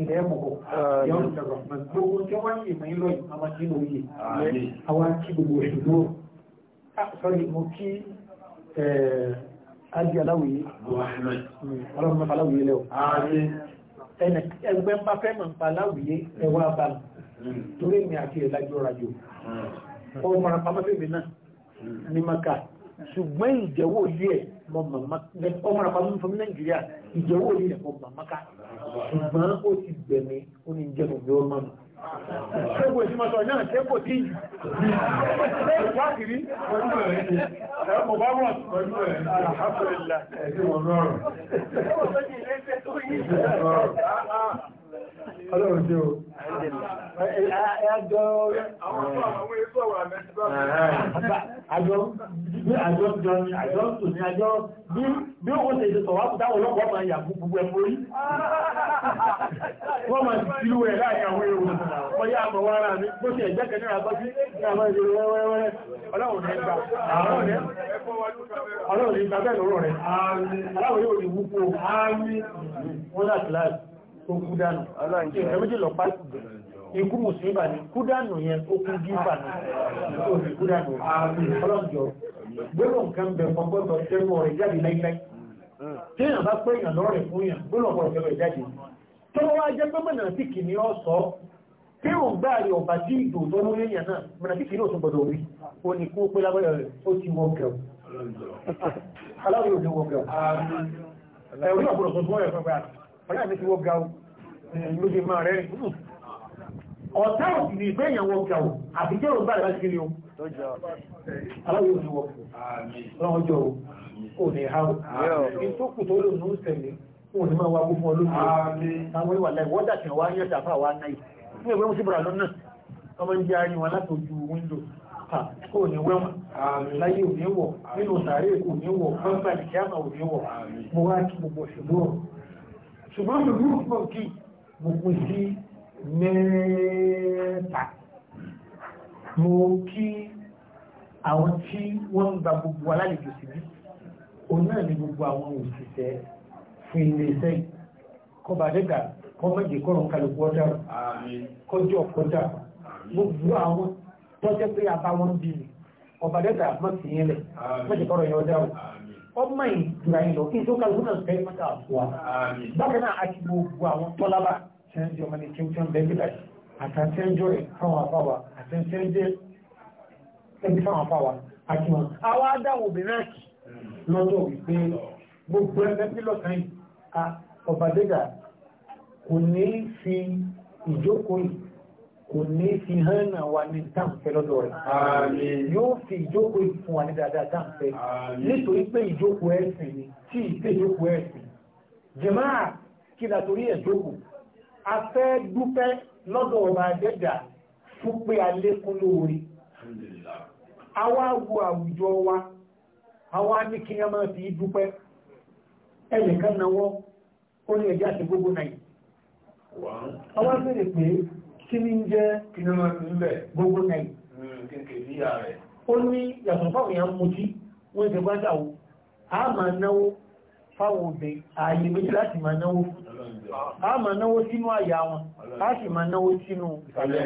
ìdẹ́mọ̀kọ̀ yọ́n lọ́rọ̀ gbogbo tí wọ́n yìí mọ̀ ìlọ́ ìmọ̀ nínú yìí àwọn kí gbogbo ìṣòro ah, sọ́rí mo kí ájí eh, aláwòye hmm, ọlọ́run aláwòye lẹ́wọ̀ ẹgbẹ́ bá fẹ́ mọ̀ nípa aláwòye ẹwà bá mi hmm. torí mi àti ẹ̀lájọ́ rajo ọmọ àpamọ́fẹ́ hmm. mi náà ní maka ṣùgbọ́n ìjẹ́wò ilé ẹ̀ mọ màmá ọmọ rẹ̀ pàmò fún nàìjíríà ìjẹ́wò ilé ẹ̀ mọ màmá ká ṣùgbọ́n ó ti gbẹ̀mí ó ní jẹ́nu mi ó mọ̀ mọ́. Ṣégbò tí mo sọ náà ṣé kò tí yìí. Wákìrí pẹ̀lú ẹ̀ ẹ̀ mo bá wọ̀ pẹ̀lú ẹ̀ alhamdulillah. Ẹ̀sìn wọn rọrùn. Ṣé mo tó ọlọ́run tí ó ẹjọ́ àjọ jọ ni àjọ tò ní àjọ bí ó ṣe gbogbo ẹ̀mọ́ rí wọ́n máa ti tó kú dànù ìṣẹ́ méjì lọ pàtì ikú mùsùlùmí ni kú dànù yẹn ó kú bí ìbànú òní kú dànù ọlọ́njọ gbọ́dọ̀ nǹkan bẹ̀ fọgbọ́dọ̀ tẹ́wọ́ rẹ̀ jáde láíláí tí èèyàn bá pé èèyàn lọ́rẹ̀ fún yàn gbọ́dọ̀ gbọ́dọ̀ tẹ́wọ́ jáde tó wá jẹ́ pé mọ̀nà tí kì ní ọ̀sọ́ tí ò ń gbáàrí ọ̀bà tí ìdò ló lé yàn náà mọ̀nà tí kì ọ̀rẹ́ mi ti wọ́ ga o lóde máa rẹ̀ ọ̀tá òsì ní ìgbé ìyàwó ga o àti jẹ́ òun bá rẹ̀ sí ni o aláwọ̀ yóò ní wọ́ lọ́wọ́ jọ o ò ní ha o ní tó kù tó lóun ń tẹ̀lé wọn ni máa wá gbó fún ọ lóde àwọn ìwà lẹ́yìn wọ́n dàtí wá yẹn tàfà wá náà fún ẹgbẹ́ wọn sí bùrà lọ́nà ọmọ ń jẹ́ arin wọn látòjú wíńdò kò ní wẹ́wọ̀n láyé ò ní wọ̀ nínú sàárè kò ní wọ̀ pẹ́ńpẹ́ àti kíámà ò ní ṣùgbọ́n lùlù fọ́ọ̀kì mo pín sí mẹ́ta mo kí àwọn tí wọ́n ń gba gbogbo alálejò síbí òun náà ní gbogbo àwọn òṣìṣẹ́ fún ilé iṣẹ́ yìí kọba dẹ́gà kọmọ́jì kọ́rùn kálukú ọjà kọjọ́ kọjá gbogbo àwọn tọ́jẹ́ pé a bá wọn bí mi ọba mọ́ sí yẹn lẹ̀ mọ́jì kọ́rọ̀ yẹn ọjà ọmọ ìtura ìlọ kí n tó kálukú náà fẹ́ mọ́ta àfúwà bákan náà àti gbogbo àwọn tọ́lábà sẹ́ńtì ọmọ ní kíntì ọmọ bẹ́ẹ̀ bíláì àtàntẹ́jọ́ ìfáwọn afáwà àtàntẹ́jẹ́ ìfáwọn afáwà àti wọn. àwa dáwọ̀ obìnrin àkì hmm. lọ́dọ̀ wípé gbogbo ẹgbẹ́ pílọ̀tàn ọ̀bàdẹ́gà kò ní fi ìjókòó kò ní fi hàn náà wà ní táǹfẹ́ lọ́dọ̀ rẹ̀ yóò fi ìjókòó fún wa ní dáadáa táǹfẹ́ nítorí pé ìjókòó ẹ̀sìn ni tí ìpé ìjókòó ẹ̀sìn jàmáà kí la torí ẹ̀ a fẹ́ dúpẹ́ lọ́dọ̀ ọba adẹ́dà fún pé alékún lóore àwa wo àwùjọ wa àwa ní kí a máa fi dúpẹ́ ẹnìkan náwó ó ní ẹjá ti gbogbo náà àwọn bèèrè pé kí ní jẹ́ kí ní máa fi ń bẹ̀ gbogbo náà kìkì ní ìyá rẹ̀ ó ní yàtọ̀ fáwọn èèyàn mú sí wọ́n ti gbádà wo a máa náwó fáwọn obìnrin ààyè méjì láti máa náwó fún a máa náwó sínú àyà wọn a sì máa náwó sínú ìsàlẹ̀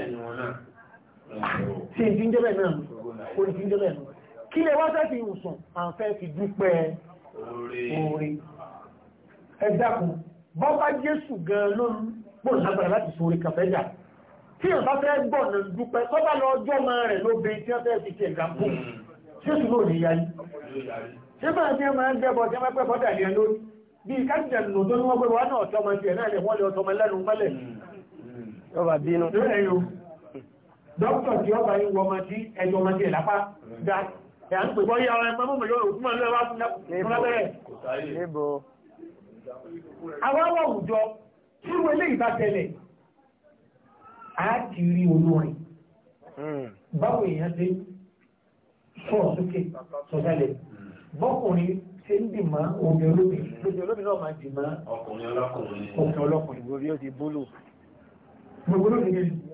sí ìdíjẹ́bẹ̀ náà kò ní ìdíjẹ́bẹ̀ náà kí lẹ wá sẹ́fì ìwòsàn à ń fẹ́ fi dúpẹ́ oore ẹ dákun bọ́bá Jésù gan ló ń pò lágbára láti sọ orí kàfẹ́jà tí ọ̀bá fẹ́ gbọ̀nà dúpẹ́ tọ́bá lọ ọjọ́ ma rẹ̀ ló bẹ tí wọ́n fẹ́ fi ti ẹ̀gá ń bùn tí ó sì lóò ní yáyí hmm. ṣé bá ti máa ń dẹ́bọ̀ tí wọ́n pẹ́ bọ́dà ní ẹnu bí i kájíjà nù tó ní wọ́n pé wọ́n náà ọ̀tọ́ ma ti ẹ̀ náà lè wọ́n lè ọ̀tọ́ ma lẹ́nu mọ́lẹ̀ hmm. ọba hmm. àwọn àwùjọ tí wọ́n lè a ti rí olórin hmm. báwo èèyàn ṣe sọ̀rọ̀ sókè sọ̀sálẹ̀ bọ́kùnrin ṣe ń dì mọ́ omi olómi lómi olómi náà máa dì mọ́ ọkùnrin ọlọ́kùnrin ọkùnrin ọlọ́kùnrin gbogbo yóò ti bólú gbogbo yóò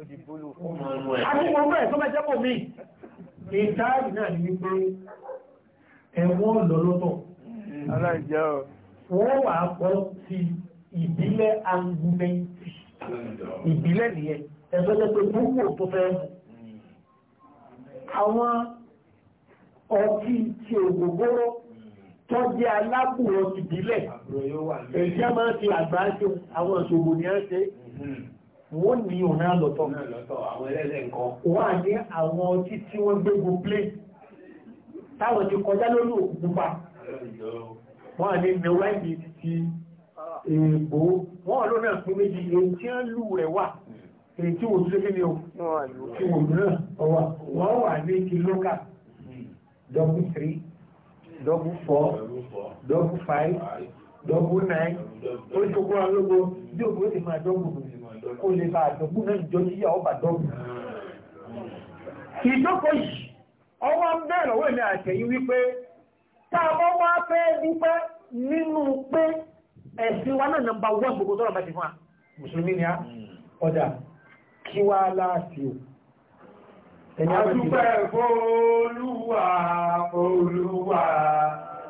ti bólú àkókò ọgbà ẹ̀ tó bá jẹ́pọ̀ mi ìtaàrí náà ni wípé ẹ̀wọ́n lọ́lọ́tọ̀ hmm. wọ́n wà á kọ́ sí ìbílẹ̀ angumẹ́ntì ìbílẹ̀ nìyẹn ẹ̀fẹ́lẹ́ pé púpọ̀ tó fẹ́ àwọn ọtí ti ògbògbóró tó jẹ́ alábùrọ̀ ti dílẹ̀ èyí a máa fi àgbà ṣe àwọn ìṣòwò ní ẹ́ ṣe mm-hmm. wọ́n ní ọ̀nà lọ́tọ̀ wà ní àwọn ọtí tí wọ́n gbégbó plé táwọn ti kọjá lórí òkú pupa wọ́n ní mẹ́wàá ìdí ti ah. èèbó wọ́n lónà pín méjì èyí tí wọ́n lù rẹ̀ wà èyí tí wò tún ní o tí wò náà ọwà wọ́n wà ní ti lókà dọ́bù 3 dọ́bù 4 dọ́bù 5 dọ́bù 9 ó ti kó ra lógo bí òkú ó ti máa dọ́bù kó lè bá àdọ́bù náà jọ ní ìyá ọba dọ́bù ìjókòó yìí ọwọ́ ń bẹ̀rẹ̀ lọ́wọ́ ìlú àtẹ̀yí wípé táàbọ̀ wá fẹ́ dúpẹ́ nínú pé ẹ̀sìn wa náà nọ́mbà wọ́n gbogbo tọ́lọ̀ bá ti fún wa mùsùlùmí ni a ọjà kí wá láàsì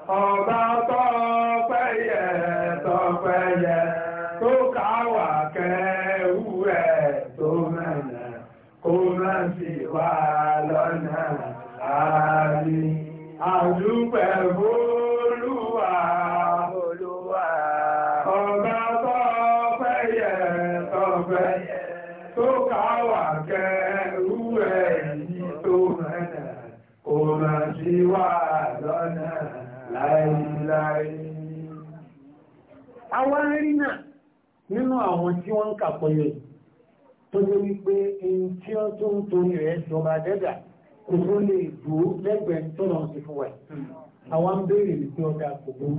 o ọba tọ́pẹ́ yẹ tọ́pẹ́ yẹ tó káwà kẹrù ẹ̀ tó mẹ́nà kó mẹ́ sí wà lọ́nà àárín adúpẹ́ fún wà lọ́nà láìláì. Àwọn arínà nínú àwọn tí wọ́n ń kàpọ̀yẹ̀ tó lé wípé ẹni tí ó tó ń torí rẹ̀ jọba dẹ́dà kò tó lè dúró lẹ́gbẹ̀ẹ́ tọ́nà ti fún wa. Àwọn ń béèrè wípé ọ̀dà kò burú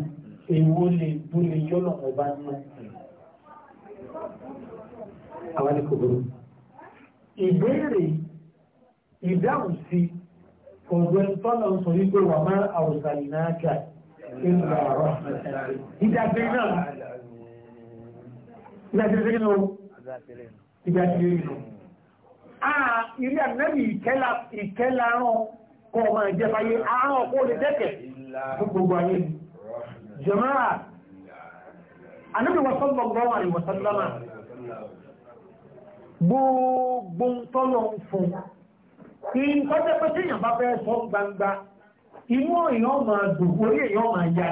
èwo lè tó lè yọ́nà ọba nínú. Àwọn ọ̀gbẹ́ni tọ́lọ̀ ń sọ wípé wà máa àwòsàn ìnáàkà ìlà ọ̀rọ̀ ìdàgbẹ́ náà ìdàgbẹ́ nínú ìdàgbẹ́ nínú àà ilé ànẹ́bì ìkẹ́lá rán kọ́ ọmọ ìjẹfàyé àárọ̀ kó lè dẹ́kẹ̀ fún gbogbo ayé jọmọ́ra ànẹ́bì wọ́sọ́lọ́gbọ́ wà ní wọ́sọ́lọ́mà gbogbo tọ́lọ̀ ń fún ìtọ́jẹ́ pé téèyàn bá fẹ́ sọ gbangba inú èèyàn máa dùn orí èèyàn máa yá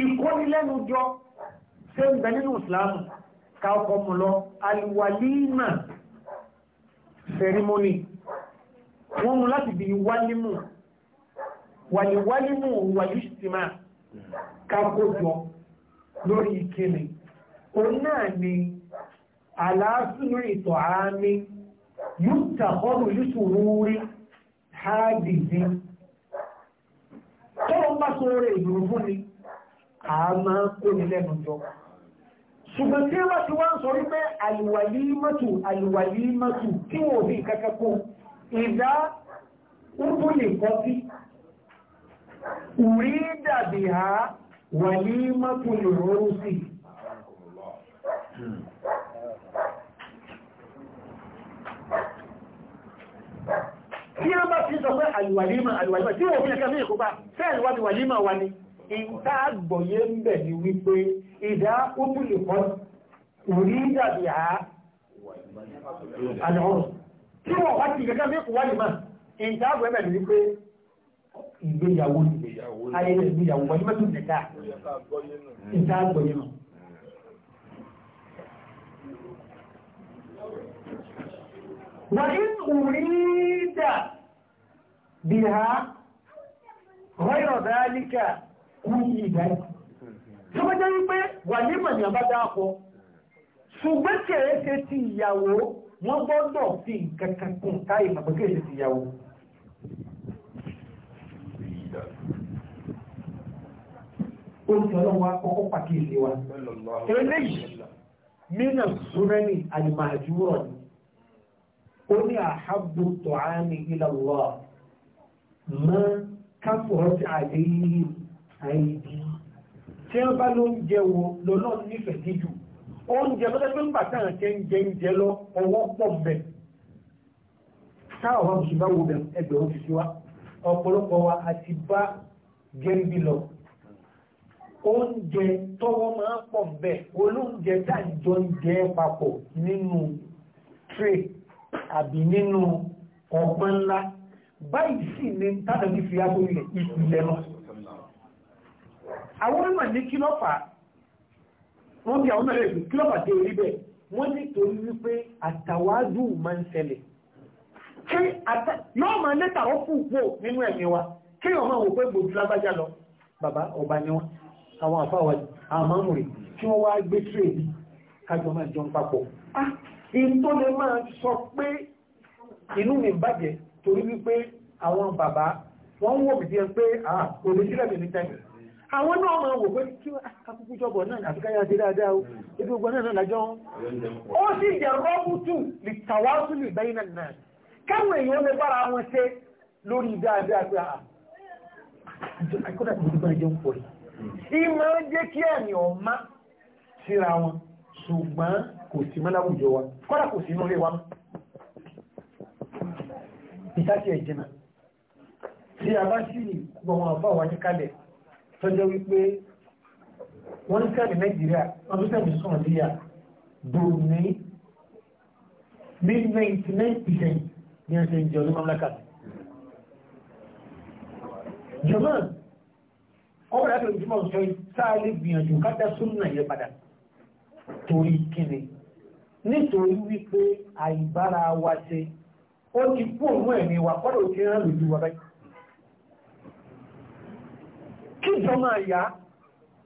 ìkónilẹ́nujọ ṣé ń bẹ nínú ìsìláàmù ká ọkọ̀ mú lọ aliwalima ceremony wọ́n mú láti bí wálímù wàlíwálímù wàlíṣìmá kákójọ lórí ìkíni òun náà ni àlàáfínú ìtọ̀ àámi yútàkọ́dù lùsùrù rí hádìsí tó ń bá sóòrè ìlú fún ni a máa kó ní lẹ́nu jọ ṣùgbọ́n tí wọ́n ti wá ń sọ wípé àlùwàlímọ́tù àlùwàlímọ́tù tí wọ́n fi kẹ́kẹ́ kó ìdá ubuli kọfí ìrídà bí ha wàlímọ́tù lòrórùsì sọ pé àlùwàlímà àlùwàlímà tí wọ́n fi ẹ̀kẹ́ sí ìkópa fẹ́ àlùwàlí wàlímà wa ni ìta àgbọ̀yé ń bẹ̀ ni wípé ìdá óbùlù kan orí dàbí à àlọ́rùn tí wọ́n wá ti ìkẹ́kẹ́ sí ìkówá lìmà ìta àgbọ̀yé bẹ̀ ni wípé ìgbéyàwó ayẹyẹ ìgbéyàwó wàlímà tó nẹ̀ká ìta àgbọ̀yé nù وإن أريد بها غير ذلك كوني ثم جاء يبقى وليما يبقى أخو سوبتي أسيتي ياو مبضو في كتكون تايم بكيتي ياو ونسلم وقوقو باكيتي وان إليش من السنن المهجورة أني أحب الطعام إلى الله mọ́ káfọ́ọ̀tì àlẹ́yìn àìdí tí wọ́n bá ló ń jẹ wo lọ́nà nífẹ̀ẹ́ díjù oúnjẹ tó tẹ́gbẹ́ ń bà táà jẹ́ ń jẹ ń jẹ lọ ọwọ́ pọ̀ mẹ́ táwọn oṣù bá wo bẹ̀ ẹgbẹ̀rún fi sí wa ọ̀pọ̀lọpọ̀ wa àti bá gẹ́ǹbì lọ oúnjẹ tọ́wọ́ máa ń pọ̀ mẹ́ olóúnjẹ táàjọ ń jẹ papọ̀ nínú tray àbí nínú ọgbọ́n ńlá báyìí sì ni tánàbí fi yá sórí ìpìlẹ̀ náà àwọn onímọ̀ ní kílọ́fà wọ́n bí àwọn mẹ́rẹ̀ ìlú kílọ́fà dé orí bẹ́ẹ̀ wọ́n ní torí wípé àtàwádù máa ń ṣẹlẹ̀ yóò máa lẹ́tà ó fún pò nínú ẹ̀mí wa kí wọ́n máa wò pé gbòdú lágbájá lọ bàbá ọba ni wọ́n àwọn àfáwà àmọ́mù rẹ̀ tí wọ́n wá gbé tírèdì kájọ máa jọ papọ̀ ah èyí tó lè máa sọ pé inú mi bàjẹ́ torí wípé àwọn bàbá wọ́n ń wò mí díẹ̀ pé kò lè sílẹ̀ mi ní tẹ́lẹ̀ àwọn náà máa wò pé kí akúkú jọbọ̀ náà àti káyà sí dáadáa o hmm. ibi gbogbo náà lájọ́ ó sì jẹ́ rọ́bùtù lè tàwásùlù ìbẹ́yìn náà káwọn èèyàn lè bára wọn ṣe lórí dáadáa pé àkọ́dà tó gbọ́n jẹun pọ̀ hmm. ìmọ̀ jẹ́ kí ẹ̀mí ọ̀ma síra wọn ṣùgbọ́n kò sí mọ́ láwùjọ wa kọ́dà kò sí inú ilé wa mọ́ ìtàkì ẹ̀jẹ̀ náà tí a bá sì gbọ̀wọ̀n àbá wa ní kalẹ̀ tọ́jọ́ wípé wọ́n ní sẹ́ẹ̀lì nàìjíríà wọ́n tún sẹ́ẹ̀lì sùn àdíyà dòun ní ní ninety nine percent ní ẹsẹ̀ ìjọ ní mamlaka. jọ̀mọ́n ọmọ ìyá tó ń túmọ̀ sọ sáà lè gbìyànjú ká dá súnmọ́ yẹn padà torí kíni nítorí wípé àìbára wa ṣe ó ti kú òun ẹ̀mí wa kọ́dọ̀ ti rán lójú wa báyìí. ìjọmọ̀ àyà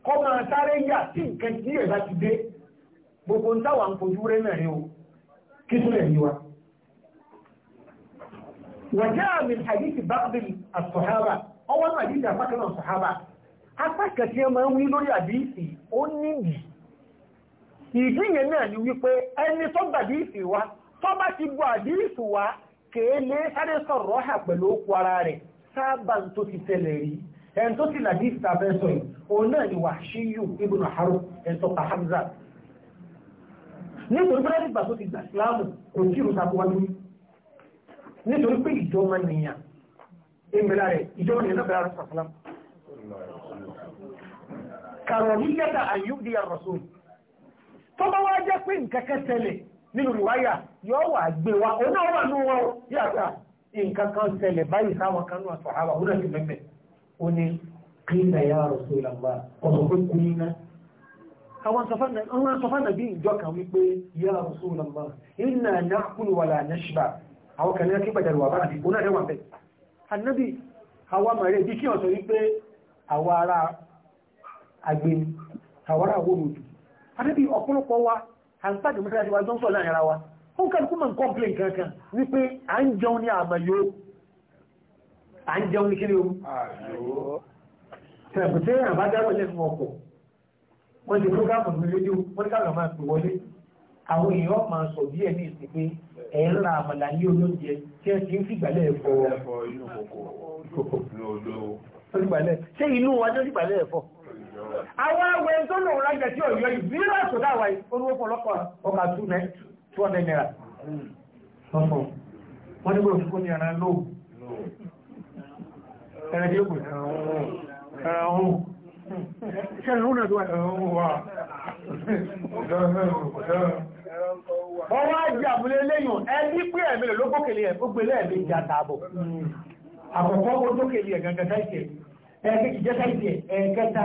kọ́ máa sáré yà tí nǹkan tí ti dé gbogbo ń táwà ń fojú rẹ̀ náà o kí tó lè yíwa wàjá àmì àyíkì bábìl àsọ̀hábà ọwọ́ náà àyíkì àpákan àsọ̀hábà apákan tí ẹ máa ń wí lórí àdíìsì ó náà ni wípé ẹni tó gbàdíìsì wa tó bá ti bu wa kèé lé sáré sọ̀rọ̀ pẹ̀lú ara rẹ̀ sábà tó ti tẹ̀lẹ̀ rí ẹn tó sì làdí ìtàfẹ́ sọ yìí òun náà ni Wahshiyu ibn Harb ẹ̀tọ́ pa Hamza nítorí pé nígbà tó ti gbà síláàmù kò tí ìrùsà tó wájú nítorí pé ìjọba nìyàn ìmìlá rẹ̀ ìjọba nìyàn náà bẹ̀rẹ̀ àrùsà síláàmù kàrọ̀líyàtà àyúdí àrọ̀sùn tó bá wá jẹ́ pé nǹkan kẹsẹ̀lẹ̀ nínú ìwáyà yóò wà gbé wa ó náà wà ní wọn yàtà nǹkan kan ṣẹlẹ̀ báyìí sáwọn kanú àtọ̀háwà ó náà ti mẹ́mẹ́ ó ní kílínà yà Rasulullah ọ̀sọ̀ pé kílínà àwọn sọfánà bí ìjọ kan wípé yà Rasulullah inna na'kulu wala nashba àwọn kan ní akíbàjá wà bá àti ìbónà rẹ̀ wà bẹ́ẹ̀ annabi àwọn ọmọ rẹ̀ bí kí ọ̀sọ̀ wípé àwọn ará agbẹni àwọn ará àwọn òdù annabi ọ̀pọ̀lọpọ̀ wa àǹtàdì mọ́sára ti wá jọ́ ń sọ láàrin ara wa ó kàn kú ń kọ́mplé à ń jẹun ní kí ni o. tẹ̀bùtẹ́ yẹn bá dárò lẹ́nu ọkọ̀ wọ́n ti fúgàmù ní rédíò wọ́n ní káàkiri máa pè wọlé àwọn èèyàn máa sọ bí ẹni ìsìn pé ẹ̀ ń ra àmàlà ní olóúnjẹ tí ẹ ti ń fìgbàlẹ̀ ẹ̀fọ́ inú kòkó olùgbàlẹ̀ ṣé inú wa ló dìgbàlẹ̀ ẹ̀fọ́. àwọn awẹ tó lò ń rajà tí ọ̀yọ́ yìí nílò àtọ̀dá àwa yìí olówó pọ̀lọpọ̀ ọkà two hundred naira. Hmm. wọ́n ní bó ti kó ní ara lóhùn ẹran tí ó pè ẹran ohun ṣẹ́rin ó náà tó wà ẹran ohun wà wọ́n wá jẹ́ àbúlé léyìn ẹni pé ẹ̀mí lè ló gbókèlé ẹ̀ gbogbo ẹlẹ́ẹ̀mí ìjà tààbọ̀ àkọ́kọ́ ó gbókèlé ẹ̀ gangan sáìtì ẹ̀ ẹ̀kẹ́kì jẹ́ sáìtì ẹ̀ ẹ̀kẹta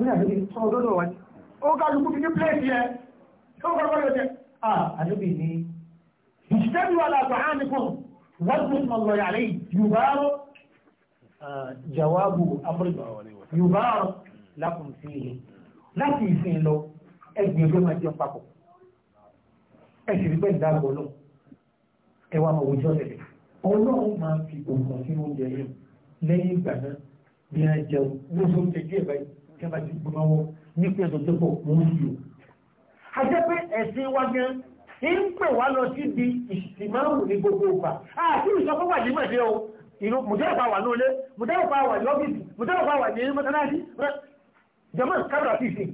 Ní àdébí sọ ọdọ́dọ̀ wa ni, ó kájú kú fi ní pléèsì ẹ, ó kọ́ lọ́wọ́ lọ́jẹ́. À àdébí ni, ìṣẹ́bí wà látọ̀ á ní fún wọ́n tó mọ̀ lọ yàrá yìí, Yorùbá rọ̀, jawabu Afirika, Yorùbá rọ̀ lákùn sí ilé. Láti ìsìn lọ, ẹgbẹ̀ẹ́ ló máa jẹun papọ̀. Ẹ sì rí bẹ́ẹ̀ dáàbò náà, ẹ wá máa wùjọ́ lẹ̀. Ọlọ́run máa fi òògùn sínú oúnjẹ yẹn lẹ́yìn ìgbà náà bí a jẹun ló fún tẹjú ẹ̀bá ìjọba ti gbọmọ wọn ní pé ẹ̀sọ̀ tó pọ̀ mọ́ ń lò. a jẹ́ pé ẹ̀sìn wa gan ń pè wá lọ síbi ìsìmáwò ní gbogbo ìgbà àti ìsọfún wà ní mẹ̀dẹ́ o ìlú mùdẹ́rùpá wà lóore mùdẹ́rùpá wà ní ọ́fíìsì mùdẹ́rùpá wà ní mọ́tánásì jẹ́mọ́ kábàrà fífi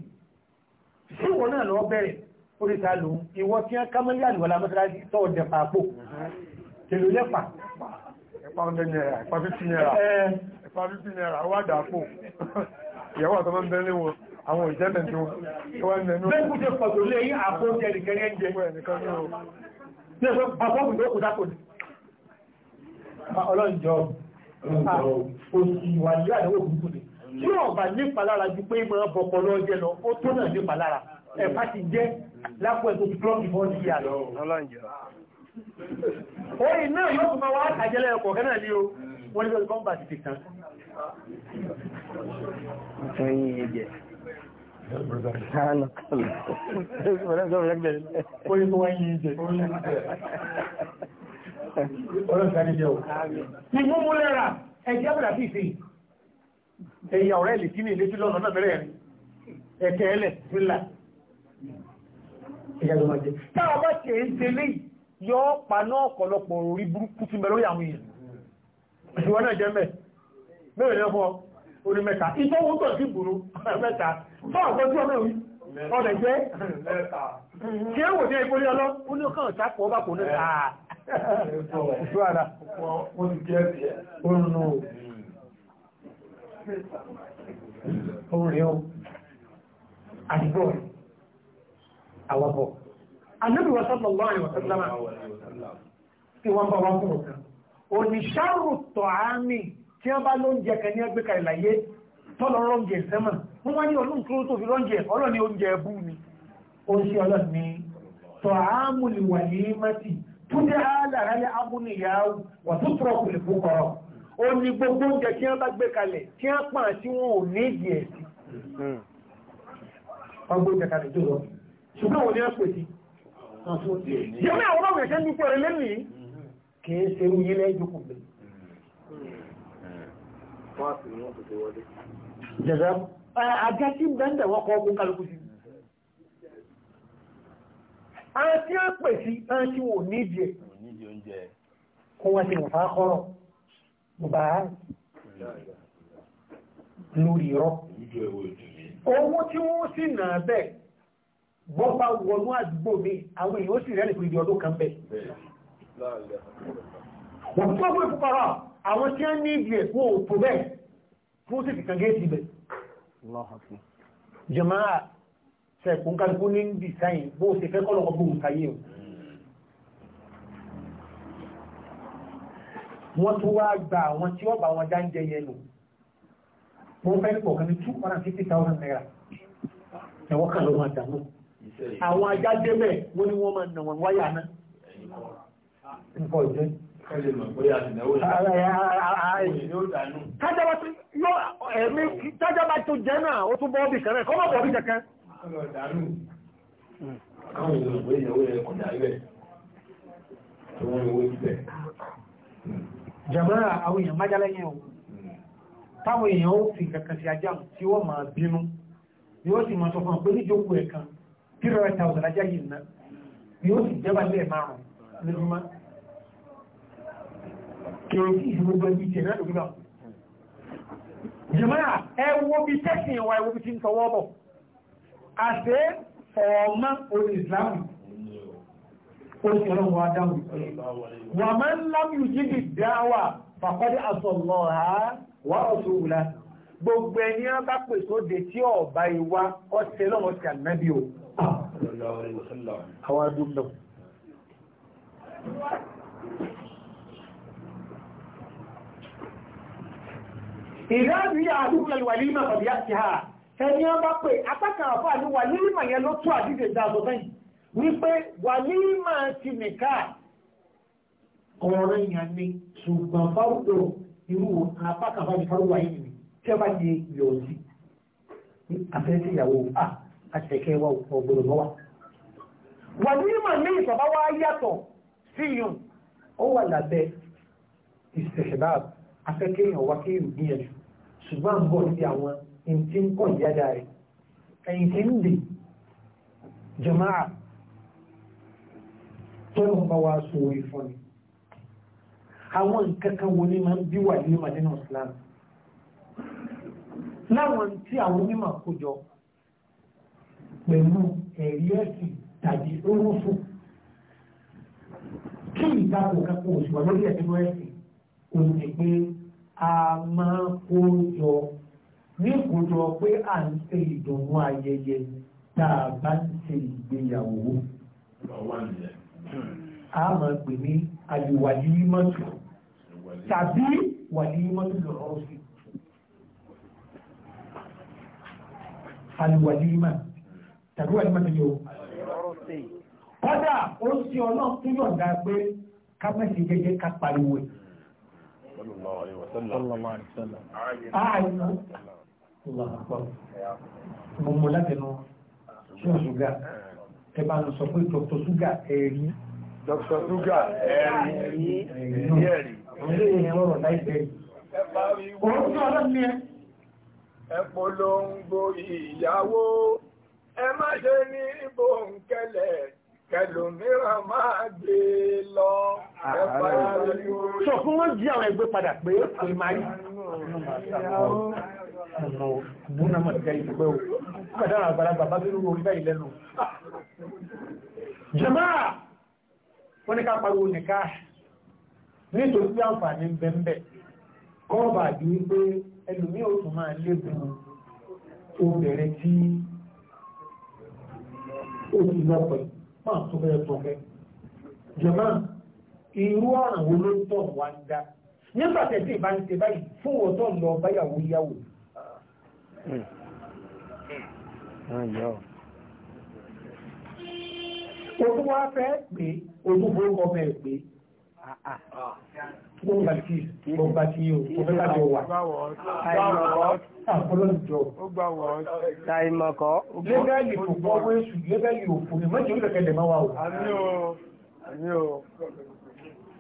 sí wọn náà lọ bẹ̀rẹ̀ oríta lòun ìwọ tí a kámẹ́lì àlùwàlá mọ́tánásì tọ́ dẹ̀pà àpò tèlò lẹ́pà ẹ̀pà ọ̀dẹ̀ nìyẹn ẹ̀pà fífi nìyẹn ìpa fífí náírà wà dàpò ìyàwó àtọ́mọ́ ń bẹ́ lé wọn àwọn ìjẹ́bẹ̀ tó wà ń mẹ́nu bẹ́ẹ̀kú ṣe pọ̀tò lé yí wọ́n bá nípa lára ju ti jẹ́ lápò sí ìyà lọ. orin náà yóò tún máa wá àjẹlẹ̀ ọkọ̀ ní o wọ́n ní ọdún bá ti fi tán Ẹ̀yà ọ̀rẹ́ lè kí ní ilé tí lọ́nà náà bẹ̀rẹ̀ ẹ̀rin, ẹ̀kẹ́ ẹlẹ̀ fílà. Ẹ̀yà ló máa jẹ. Táà bá ṣe ń ṣe yọ́ pa náà ọ̀pọ̀lọpọ̀ orí burúkú ti bẹ̀rẹ̀ lórí àwọn èèyàn ìwọ́n náà jẹ́ mẹ́ mẹ́rin lẹ́fọ́ orí mẹ́ta ìtọ́wọ́ tọ̀ sí ìbúrú mẹ́ta fọ́ àkọ́jú ọmọ ìwí ọ̀dẹ̀ jẹ́ kí ẹwò ní ìpolí ọlọ́ ó ní ọkàn ìtàkùn ọba kò ní àà ìtọ́wọ́ra ó ti jẹ́ ó ń nù orí ó àdìgbò àwọ̀bọ̀ Ànábì sallallahu alaihi wa sallam tí wọ́n bá wá kúrò kan oníṣàrù tọ̀ámì tí wọ́n bá lóúnjẹ kan ní ẹgbẹ́ kàrìlà yé tọ́lọ rọ́njẹ sẹ́mọ̀ wọ́n wá ní ọlọ́run tó tó fi rọ́njẹ ọlọ́ni oúnjẹ ẹbú ni ó ń ṣe ọlọ́ni tọ̀ámù lìwà ní mẹ́tì túnjẹ́ alàrálẹ̀ abúnìyàwó wà tó tọrọ kù lè fúkọrọ ó ní gbogbo oúnjẹ tí wọ́n bá gbé kalẹ̀ tí wọ́n pà tí wọ́n ò ní ìdí kìí ṣe ń yílẹ̀ ìjókù gbé. jẹ̀sẹ̀ àjẹ́ tí bẹ́ńdẹ̀ wọ́kọ̀ ọgbọ́n kálukú sí. àwọn tí ó pè sí àwọn tí wò nídìí ẹ̀ kó wá sí ìwọ̀fà kọ́rọ̀ bá lórí rọ́. owó tí wọ́n sì nà bẹ́ẹ̀ bọ́ bá wọnú àdúgbò mi àwọn èèyàn ó sì rẹ́rìn pé ìdí ọdún kan bẹ́ẹ̀. Òkú tó fún ìfúkọrọ àwọn tí a ní ibi ẹ̀fún òtò bẹ́ẹ̀ fún sí kìkan géètì bẹ̀. Jẹ̀máà sẹ̀kún kálukú ní dìsáyìn bó ṣe fẹ́ kọ́lọ̀kọ́ bóhùn káyé o. Wọ́n tó wá gba àwọn tí ọba wọn dáńjẹ yẹn lò. Wọ́n fẹ́ pọ̀ kan ní two hundred and fifty thousand naira. Ẹ̀wọ́n kan ló máa dànù. Àwọn ajá débẹ̀ wọ́n ní wọ́n máa nà wọ́n wáyà náà nǹkan ọ̀jẹ́. Tájábá tó jẹ́ náà, ó tún bọ́ bí kẹrẹ, kọ́ mọ̀ bọ̀ bí kẹkẹ. Káwọn ìlú ìyàwó ẹ̀ kọjá rẹ̀, tó wọ́n ìwé ìbẹ̀. Jàmáà àwọn èèyàn májálẹ́yìn ọ̀. Táwọn èèyàn ó fi kẹkẹ sí ajá tí wọ́n máa bínú, ni wọ́n sì máa sọ fún ọ pé níjókòó ẹ̀kan, 3,000 ajá yìí ná, ni ó sì jẹ́bà lẹ́ẹ̀ márùn-ún kéèkì ìṣòro ẹbí tẹ̀ náà lórí náà jùmọ́ra ẹwọ́ bí tẹ́sìn ìwà ẹwọ́ bí ti ń tọwọ́ bọ̀ àṣẹ ọ̀ọ́má orí ìsìláàmù oríṣẹ́lọ́wọ́ wa dáhùn wà máa ń lámì jíbi dáwà fàkọ́dé àsọ̀lọ́ ha wà ọ̀tọ̀ òwúlá gbogbo ẹni á bá pè tó dé tí ọ̀bá ìwá ọ̀tẹ́ lọ́wọ́ ti ànábì o àwọn adúgbò ìrẹ́rìí àdúgbò ìwàlímà tàbí àti ha ẹni a bá pè apákan àfáà ní wàlímà yẹn ló tú àdídè dáadọ́ sẹ́yìn wípé wàlímà ti nìka ọ̀rọ̀ èèyàn ni ṣùgbọ́n fáwọ́dọ̀ irú apákan àfáà ní fáwọ́dọ̀ ayé nìyí tí a bá yẹ yọ̀ sí afẹ́fẹ́ ìyàwó a àtẹ̀kẹ́ wa ọ̀gbọ̀dọ̀ bọ́ wa. wàlímà ní ìsọ̀bá wa yàtọ̀ sí yùn ó wà lábẹ́ ìsẹ̀ṣẹ̀bá afẹ́kẹ́ èèyàn wa kéèyàn gbìyànjú ṣùgbọ́n ń bọ̀ sí àwọn ìntí ń pọ̀ ìyáda rẹ̀ ẹ̀yìn tí ń dì jama'a tó ń bá wa sọ orí fún ni àwọn nǹkan kan wo ni máa ń bí wà nínú madina islam láwọn tí àwọn onímọ̀ kójọ pẹ̀lú ẹ̀rí ẹ̀sìn tàbí owó fún kí ìdáàbò kan kò sí lórí ẹ̀sìn òun ni pé a máa kó jọ ní ìkójọ pé à ń ṣe ìdùnnú ayẹyẹ tá a bá ń ṣe ìgbéyàwó. a máa pè ní àlùwàlímọ́tò tàbí wàlímọ́tò lọ́rọ́ sí. àlùwàlímọ́ tàbí wàlímọ́tò yóò. kọ́dà ó ṣe ọlọ́run tó yọ̀ǹda pé ká má ṣe jẹ́jẹ́ ká pariwo ẹ̀ sallallahu alaihi látẹnu ṣíwọ̀n ṣúgà ẹ bá ń sọ pé dr ṣúgà ẹ̀rí dr ṣúgà ẹ̀rí ẹ̀rí ọ̀rọ̀ láìpẹ́ ọ̀rọ̀ tó alámi ẹ ẹ̀pọ̀lọ́ngbò ìyàwó ẹ má ṣe ní ibò sọ fún wọ́n jí àwọn ẹgbẹ́ padà pé ìmárì búnà mọ̀tíkà ìpẹ́ o pẹ̀lú àwọn àgbàlagbà bá bínú orí báyìí lẹ́nu jàmáà wọ́n ní ká pariwo nìká nítorí pé àǹfààní ń bẹ́ńbẹ́ kọ́ọ̀bà àbí wípé ẹlòmí ò tún máa lébu obìnrin tí ó ti lọ́pẹ̀ máa tó bẹ́ẹ̀ tó bẹ́ẹ̀ jàmáà irú ọ̀ràn wo ló tọ̀ wá ń dá nígbà tẹ̀sí ìbá ń ṣe báyìí fún ọ̀tọ̀ ń lọ báyàwó yáwó. o tún wá fẹ́ pé o tún fowó kọ́ fẹ́ pé mo gbà kí mo gbà o mo fẹ́ láti wà. ó gbà ṣàìmọ̀kọ́. lébẹ́lì kò gbọ́ wẹ́sù lébẹ́lì òfò ni mọ́jọ́ máa wà o. àmì o àmì o.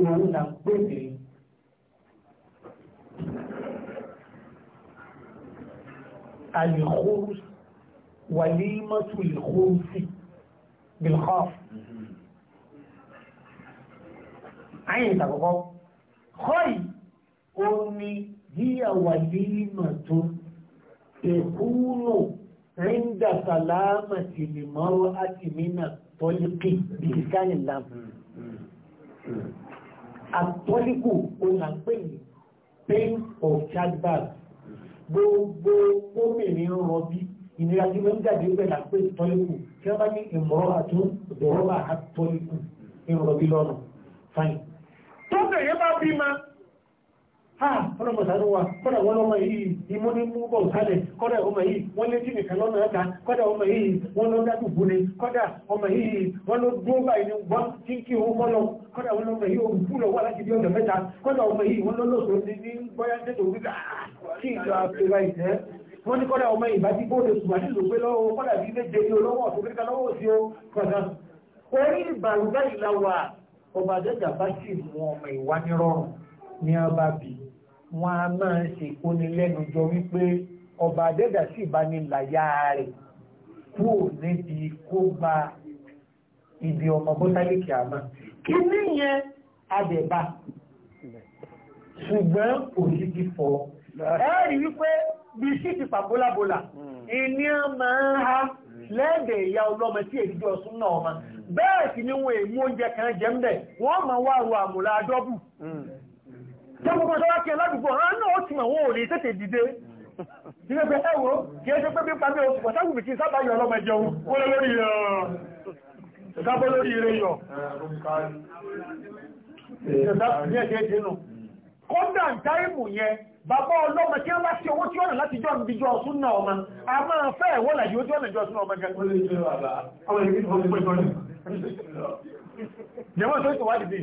òun là وليمة الخبز بالخاف عين تقوى خي أمي هي وليمة تكون عند سلامة المرأة من الطلق بإسكان الله àtọ́líkù òun à ń pain of childbirth gbogbo obìnrin ń rọbí ìnira tí wọ́n ń jáde ń bẹ̀ là ń pè tọ́líkù tí wọ́n bá ní ìmọ̀ràn àti ìdọ̀rọ̀bà àtọ́líkù ń lọ́nà fine. tó bẹ̀rẹ̀ bá bí ma ọlọ́mọ̀sánú wa kọ́dà wọ́n lọ́mọ yìí imú ní mú bọ̀ sálẹ̀ kọ́dà ọmọ yìí wọ́n lé jìnì kan lọ́nà ẹ̀ta kọ́dà ọmọ yìí wọ́n lọ dájú bú ni kọ́dà ọmọ yìí wọ́n lọ dúró báyìí ni wọ́n tí kí owó mọ́ lọ kọ́dà wọ́n lọ́mọ yìí òun fúlọ̀ wà láti bí ọ̀dọ̀ mẹ́ta kọ́dà ọmọ yìí wọ́n lọ́lọ́sọ ní bọ́yá tẹ́tò wíkà ah, kí ìjọ àfẹ́ra ìtẹ́ wọ́n ní kọ́dà ọmọ ìbá tí bóde sùgbà ní ìlú pé lọ́wọ́ kọ́dà bí méje ní olówó ọ̀tún lọ́wọ́ sí ó kọ́dà orí ìbàrúgbà ìlàwà ọba àjẹjà bá sì mú ọmọ ìwánirọ̀rùn ní ọba bíi wọn a máa ṣèkónilẹ́nujọ wípé ọba adẹ́dà sì bá ní làyà rẹ̀ kúò níbi kó gba ibi ọmọ bọ́tálíkì àmà kí ní yẹn adẹ̀bá ṣùgbọ́n kò sí ti fọ́ ẹ̀rí wípé bí sí ti pàbólábólà ìní máa ń ha lẹ́ẹ̀dẹ̀ ìyá ọlọ́mọ tí èdìdí ọ̀sún náà ọmọ bẹ́ẹ̀ sì ni wọn èmú oúnjẹ kan jẹ́ ń bẹ̀ wọ́n máa wá ru àmúlá dọ́bù jẹ́ gbogbo ọjọ́ wákí aládùúgbò àwọn náà ó ti mọ̀ wọn ò lè tètè dìde ilé pé ẹwọ kí ẹ ṣe pé bí pàmí oṣù pọ̀sáwù bìkí sábà yọ ọlọ́mọ ẹjọ́ ó lé lórí yọ ìdábọ́ lórí ire yọ kódà táìmù yẹn bàbá ọlọ́mọ tí wọ́n bá sí owó tí ọ̀nà láti jọ ìbíjọ ọ̀sún náà ọmọ a máa fẹ́ ẹ̀wọ́ làyí ó tí ọ̀nà ìjọ ọ̀sún náà ọmọ gẹ̀ẹ́gẹ́ jẹ́mọ́ tó ìtọ̀wádìí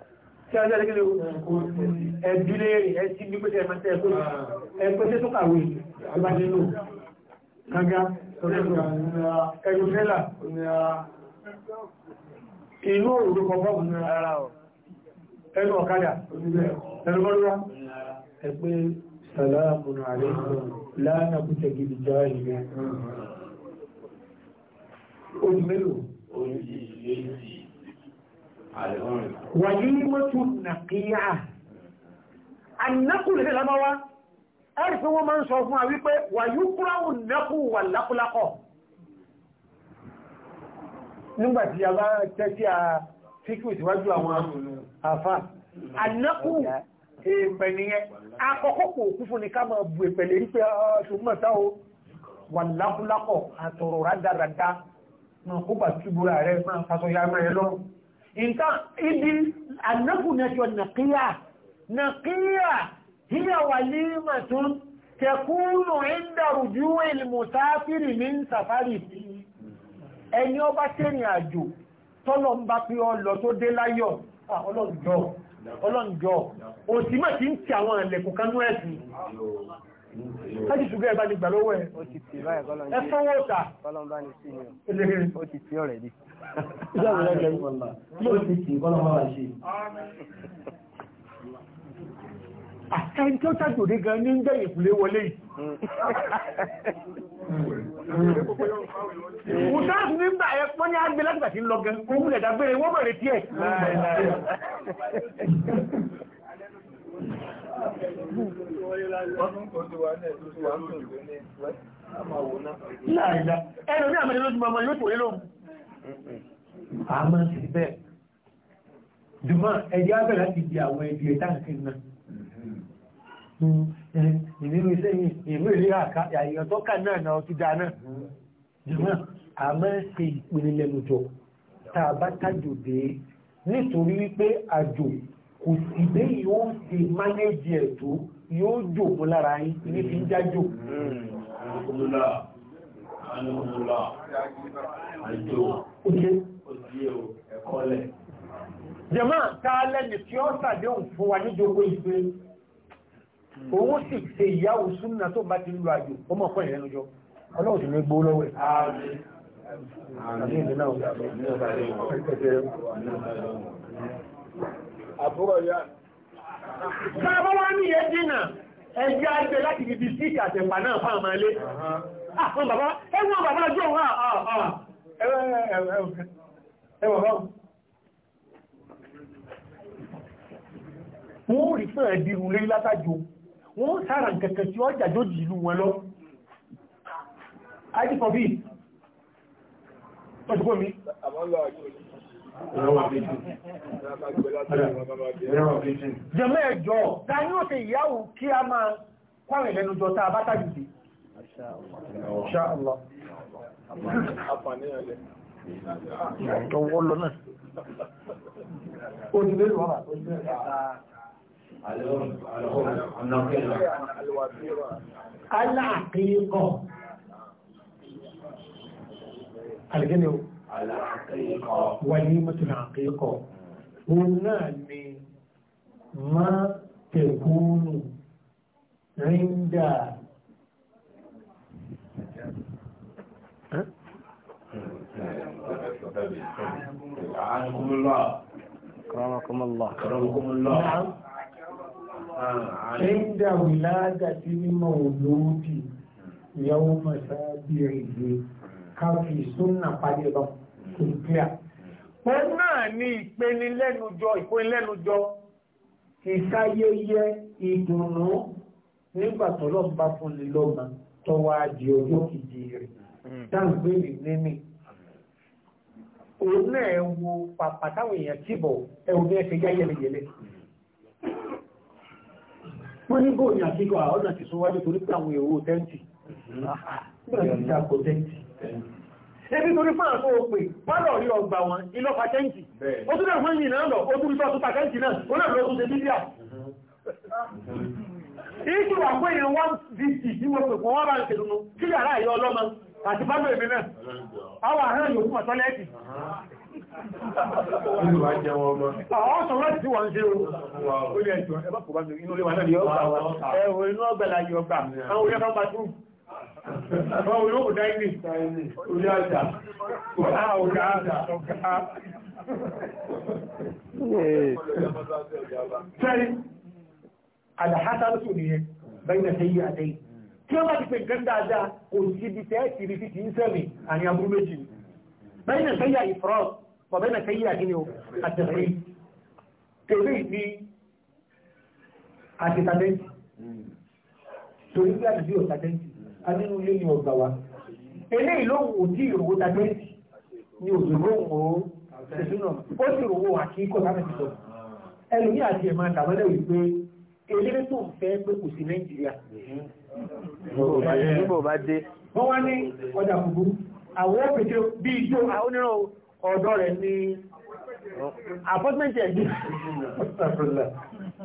tí a jẹ́ kílò ẹ̀dúlé ẹ̀sí bí pẹ́sẹ̀ ẹ̀mọ́tẹ́ ẹ̀pẹ́sẹ̀ tó kàwé ìbájínú kanga ẹ̀rùfẹ́là inú òòrùn kọ̀ọ̀bọ̀ ẹnu ọ̀kadà ẹ̀rùmọ́lúwá ẹ̀pẹ́ sàlámùn àlẹ́kùn lánàá kútẹ̀ gidi jáàrí rẹ̀ wàlímọ́tù nàkíyà annákùlù ní lọ́mọ́wá ẹ̀rì fún wọ́n máa ń sọ fún wa wípé wàyú kúráwù nákù wà lákúlákọ̀ nígbàtí a bá tẹ́tí a fíkù síwájú àwọn àfá annákù èèpẹ̀ nìyẹn akọ́kọ́ kò kú fún ní ká máa bu èèpẹ̀ lè ah, rí nǹkan ibi annakunatọ̀ nàkíyà nàkíyà hiya walimatun tẹkúnù inda rujúwẹ̀ ilmùsáfìrì min safari ẹni ọba tẹ́rìn àjò tọ́lọ̀ ń bá pí ọlọ tó dé láyọ̀ ọlọ́njọ́ òsìmọ̀ tí ń ti àwọn ẹ̀lẹ̀kùn kanú ẹ̀sìn Láti ṣùgbọ́n ẹ̀ bá ti gbà lọ́wọ́ ẹ̀. Ó ti tì báyìí kọ́lọ́ ní. Ẹ fọwọ́ ta. Kọ́lọ́ bá ní sí ni o. Ó ti tì ọ̀rẹ́ di. Ìjọba ìlẹ́gbẹ̀ẹ́ ìfọ̀lá. Yóò ti tì kọ́lọ́ bá wà ṣe. Àtẹ́ni tó tàjòdé gan ní ń gbẹ̀yìn ìpìlẹ̀ wọlé yìí. Ìwúdáàbù nígbà ẹ wọ́n ní àgbẹ̀ láti gbàtí ń lọ gan. Kó múlẹ̀ dágbére wọ́n bẹ̀rẹ̀ tiẹ̀. Ẹnu ní àmì ìlójú mọ́mọ́ yóò pòrí lóòmù. A máa sì bẹ́ẹ̀. Jùmọ́ ẹjẹ́ ábẹ̀ láti di àwọn ẹbí ẹ̀dá nǹkan náà. Ìnínú iṣẹ́ yìí, ìlú ilé àyíyàn tó kà náà náà ti dáa náà. Jùmọ́ a máa ṣe ìpínlẹ̀ lẹ́nu jọ. Tàbátàjò dé nítorí wípé àjò kò sí bẹ́ yóò ṣe mánéjì ẹ̀ tó yóò jòkó lára yín ní fi ń jájò. jẹ̀mọ́ ta lẹ́ni tí ó sàdéhùn fún wa níjókòó ìfẹ́ òun sì ṣe ìyáwó súnmọ́ tó bá ti ń lo àjò ọmọ ọ̀pọ̀ ìrẹ́nu jọ ọlọ́run sì ní gbó lọ́wọ́ ẹ̀ Àmín. Àmín. Àmín. Àmín. Àmín. Àmín àbúrò yá. Ah, bàbá wá ní ẹ̀dínà ẹgbẹ́ àgbẹ̀ láti ibi sí àtẹ̀pà náà fáà máa lé. Àwọn bàbá, ah, ah, ẹwọ́n bàbá jọ wà ẹwọ̀n bá wọ́n rí fún ẹ̀dìrún lé látàjò wọ́n sára kẹ̀kẹ̀ tí ó jàjò jìlú wọn lọ. Ajífọ̀ bí, ọdúgbò mi. Àwọn lọ àjò jẹ́mọ́ ẹjọ́ dání ó ṣe ìyáwó kí a máa kọ́rin lẹ́nu jọ tá a bá tàbí dé ṣáàlọ́ ọwọ́ lọ وليمة العقيقة هنا ما تكون عند أعانكم الله أكرمكم الله أكرمكم الله نعم. آه، عند ولادة المولود يوم سابعه كان في سنة قريبة kò clear òun náà ní ìpenilẹ́nujọ ìpenilẹ́nujọ ìkáyẹyẹ ìdùnnú nígbà tọ́lọ́ bá fún ni lọ́gbà tọwọ́ àjẹ ọjọ́ kìdí rẹ̀ dáńgbé hmm. rẹ̀ níní òun náà wo pàpà táwọn èèyàn tìbọ̀ ẹ̀wọ̀n bí ẹ ṣe yáyẹlẹyẹlẹ wọ́n ní góòlù àfíkọ́ àwọn ọ̀nà ti súnwájú torí pé àwọn èrò tẹ́ǹtì hmm ebi torí fún àtò òpè pálọ̀ rí ọgbà wọn ilọ́ pàtẹ́ǹtì ó tún dẹ̀kùn ìyìn náà lọ ó tún tọ́tù pàtẹ́ǹtì náà ó náà lọ́tún ṣe bíbíà ìṣù wà pé èèyàn wọ́n di tì tí wọ́n pè fún wọ́n bá ń ṣe dunu kí yàrá ìyá ọlọ́mọ àti bá bẹ̀rẹ̀ náà àwọn àárẹ̀ yóò fún àtọ́lẹ́ẹ̀tì Àwọn sọ̀rọ̀ láti tí wọ́n ń ṣe o. Ó lè ẹ̀jọ̀ ẹbá kò bá mi inú inú ọgbà láyé ọgbà. Àwọn orí bá tún. Báwo yóò dá ilé orí àjà, kò á ọ̀gá àjà, ọ̀gá. Tẹ́rí, àdàhátà ló tún nìyẹn, bẹ́yìn náà tẹ́yí àdẹ́yìn. Tí ó bá ti pè nǹkan dáadáa, kò sí ibi tẹ́ ti rí títí ń sẹ́mi àní aburú méjì. Bẹ́yìn náà tẹ́yí àìfọ́rọ̀, bọ̀bẹ́ náà tẹ́yí àkíní o, àtẹ̀rí. Tèmi ní àtìtàdẹ́ntì. Torí bí àdìbí ò tàdẹ́ntì. adínú ilé ni ọgbà wa eléyìí ló wò tí ìròwó dàgbẹ́sì ni òṣèlú òun ó sì ròwó àkíkọ́ láti sọ ẹlòmí àti ẹ̀mọ́ àtàwọ́lẹ̀ wípé eléré tó ń fẹ́ pé kò sí Nàìjíríà nígbò bá dé wọ́n wá ní ọjà búburú àwọn òpètè bí ijó oníràn ọ̀dọ́ rẹ̀ ní apọ́tmẹ́ntì ẹ̀dí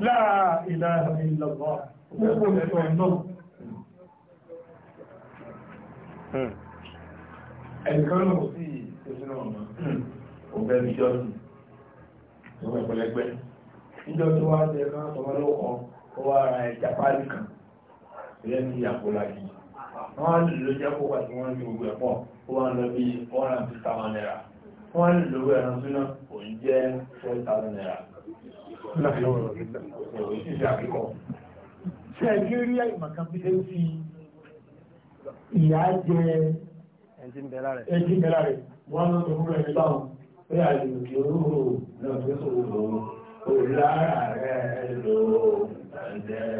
láàá ìlànà ìlọ́gbọ́n Hmm. ẹnìkan náà sí ìṣẹ́sínú ọ̀nà òbẹ́ hmm. ní jọ́sìn tó wọ́n pẹ̀lẹ́gbẹ́ níjọ́ tó wá jẹ́ ká sọmọ́ lọ́kọ́ ó wá ara ẹja páálí kan ìyẹn ti àpòlàjì wọ́n lè ló jẹ́ kópa tí wọ́n ní gbogbo ẹ̀pọ̀ ó wá lọ bí one and two thousand naira wọ́n lè lówó ẹran súná kò ń jẹ́ four thousand naira. ṣé ẹ kí rí àyè màkàn bí ẹ fi ìyá jẹ ẹjí mẹ́lá rẹ̀ wọ́n tó fúnra ẹni báwọn pé àyè kí orúurú náà fi sòwò òlára rẹ̀ lò ẹ̀jẹ̀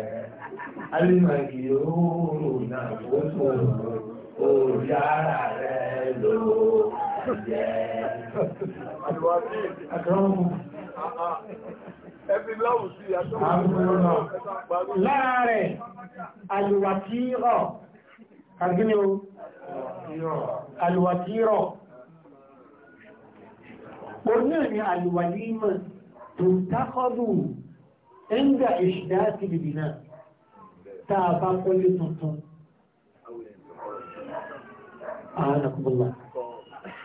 alímọ̀ kí orúurú náà fi sòwò òlára rẹ̀ lò ẹ̀jẹ̀. Ẹbí láwùsí àtọ́wọ́. Lára rẹ̀, àlùwà tí rọ̀ àgbínú alwàtírọ̀ oní ni alwàlímọ̀ tó tákọ́dù ẹ̀ngà ìṣdá ti bìbì náà tàà bá kọ́lé tuntun ààrẹ̀kùnlá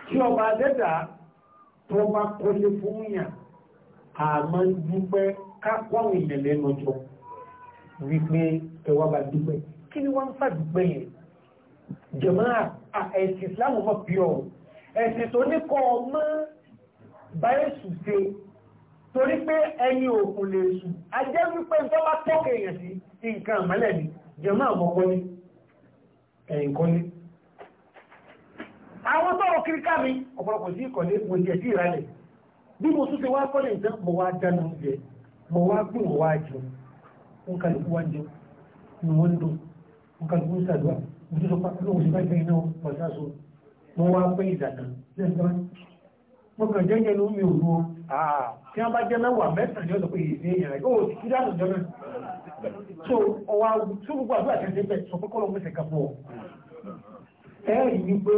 tí ọba dẹ́dà tó bá kọ́lé fún yàn àmọ́ dúpẹ́ kápọ́n ìyẹ̀lẹ́nu jọ wípé ẹwà bá dúpẹ́ kí ni wọ́n ń fà dúpẹ́ yẹn jẹ̀máà ẹ̀sìn islam mọ̀ pure ẹ̀sìn tó ní kọ́ ọmọ báyẹ̀sù ṣe torí pé ẹni òkun lè sù a jẹ́ wípé tó bá tọ́kẹ̀ èèyàn sí nǹkan àmọ́lẹ̀ ni jẹ̀máà mọ̀ kọ́ ní ẹ̀yìn kọ́ ní. àwọn tọrọ kíríkà mi ọ̀pọ̀lọpọ̀ sí ìkọ̀lé mo jẹ̀ sí ìrálẹ̀ bí mo tún wá kọ́lé ìtàn mo wá dáná oúnjẹ mo wá gbìn mo wá jẹun nǹkan ló wá jẹun ni wọ́n ń dùn nǹkan ló ń ṣàdúrà ojú tó pàtó lóhùn sí báyìí iná ọ̀sáṣo wọ́n wá pé ìdàgbà lẹ́gbẹ̀rẹ́ wọ́n kàn jẹ́jẹ́ ló mi ò lu àà tí wọ́n bá jẹ́ mẹ́wàá mẹ́sàn-án ní ọ̀dọ̀ pé èdè èèyàn rẹ̀ ó ti dá àlùjọ náà so ọwọ́ tó gbogbo àdúrà ti ṣe bẹ́ẹ̀ sọ pé kọ́lọ́ mẹ́sẹ̀ kà fún ọ. ẹ rí i pé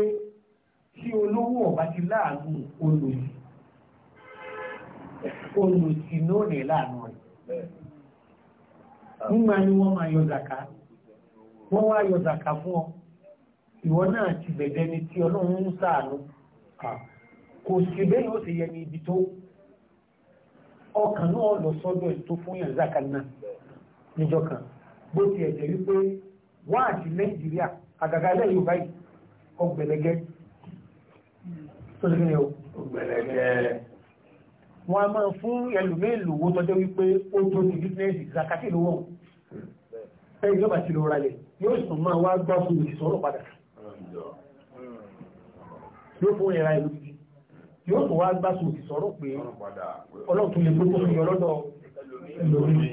tí olówó ọba ti láàánú olùsí olùsí náà ní láàánú rẹ̀ nígbà ni wọ́n máa yọ zàká wọ́n wá yọ zàkà fún ọ ìwọ náà ti bẹ̀bẹ̀ ni tí ọlọ́run ń sàánú kò sí bẹ́ẹ̀ yóò ṣe yẹ ní ibi tó ọkàn náà lọ sọ́dọ̀ tó fún yàn zàkà náà níjọ kan bó ti ẹ̀jẹ̀ wípé wọ́n àti nàìjíríà àgàgà ilẹ̀ yorùbá yìí ọgbẹ̀lẹ̀gẹ́ tó lè ní wọn a máa fún ẹlòmíèlòwó tọ́jọ́ wípé ó tó ti bísínẹ́sì zakati lówó hmm. ẹ̀yìn yóò bá ti lọ ralẹ̀ yóò sùn máa wá gbọ́ fún ìṣòro padà yóò fún ìra ìlú títí yóò tún wá gbá sùn ìṣòro pé ọlọ́tún lè gbogbo fi ọlọ́dọ̀ lórí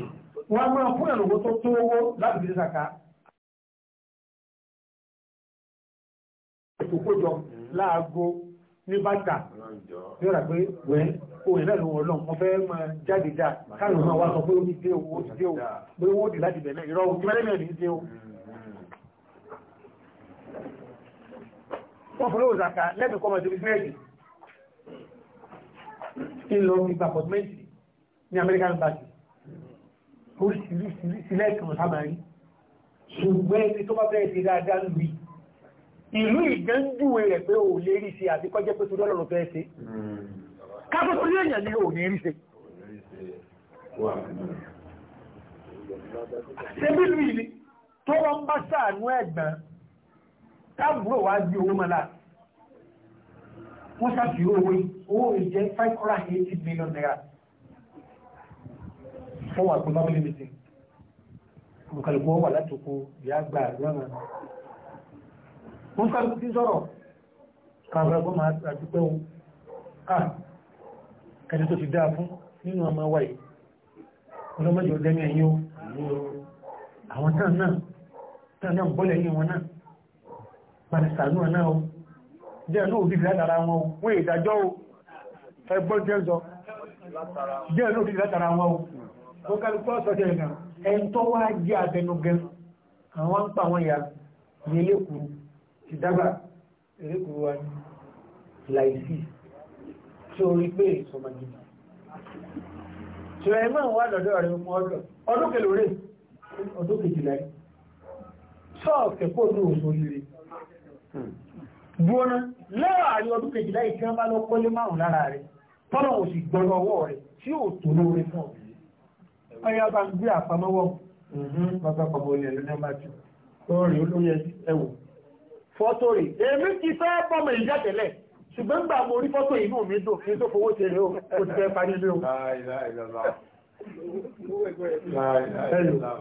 wọn máa fún ẹ̀rọ tó tó owó láti fi ṣàkà ètò kójọ hmm. láago ní bàtà yóò rà pé wẹ́n òyìn náà ló wọ́n lọ́n mo fẹ́ máa jáde dáa káàlù náà wá sọ pé ó ti dé owó ti dé owó lówó dì láti bẹ̀rẹ̀ ìrọ̀ òun mẹ́rẹ́mẹ́rin ti dé owó hmm. wọ́n fún lóò zaka lẹ́bí kọmọ̀ ìjọba ìsírẹ́lì ìlọ ìgbà pọ̀tímẹ́ntì ní American embassy ó sílẹ̀ kan sábàárí ṣùgbọ́n ẹni tó bá bẹ́ẹ̀ sí dáadáa lù í ìlú ìgbẹ́ndùwẹ̀ rẹ̀ pé ò lè rí sí àti kọjẹ́ pé tó dọ́lọ̀ fẹ́ ṣe kápẹ́ tó léèyàn ní ò ní rí ṣe ṣe bí lù ìlú tó wọ́n bá sáà nú ẹ̀gbọ́n táàbùrò wá gbé owó mọ́lá wọ́n ṣàfi owó owó ìjẹ́ five hundred and eighty million naira fún wa gbọ́n bábí lèmi sí olùkàlùkù wà látòkò ìyá àgbà lọ́nà wọ́n kàlùkù sí sọ̀rọ̀ kàbàràbọ́ máa àdúpẹ́ o ah ẹni tó ti dáa fún nínú ọmọ wa yìí ọlọ́mọdé ọdẹ́mí ẹ̀yìn o àwọn táà náà táà náà bọ́lẹ̀ yìí wọn náà pàdàsànú náà o jẹ́ ní òbí látara wọn o wọ́n ìdájọ́ o ẹgbọ́n jẹ́ sọ jẹ́ ní òbí látara wọn o wọ́n kálùkọ́ sọ jẹ́ ìgbà ẹn tó wá jẹ́ àtẹnugẹ àwọn ń pa àwọn ìyá ní elékùrú ti dágbà elékùrú wa láìsí tí ó rí pé ìsọmọdé Sùlẹ̀mán wà lọ́dọ̀ rẹ̀ mú ọdọ̀. Ọdún kèlò rẹ̀, ọdún kejìlá rẹ̀. Sọ́ọ̀kẹ̀ pọ̀ ní òṣòrí rẹ̀ gbóná láàárín ọdún kejìlá yìí tí wọ́n bá lọ pọ́lé márùn lára rẹ̀ tọ́lọ̀ ò sì gbọ́nà ọwọ́ rẹ̀ tí ò tó lóore fún ọ. ọyá bá ń gbé àpamọ́wọ́ bàbá mhm. pàbọ̀ ilẹ̀ ló nọ́mbà tù lọ́rọ̀ rẹ̀ olóyè ẹ̀wò. fọ́tò rẹ̀ èmi ti fẹ́ bọ́mọ ìjà tẹ́lẹ̀ ṣùgbọ́n gbà mo rí fọ́tò inú mi dùn o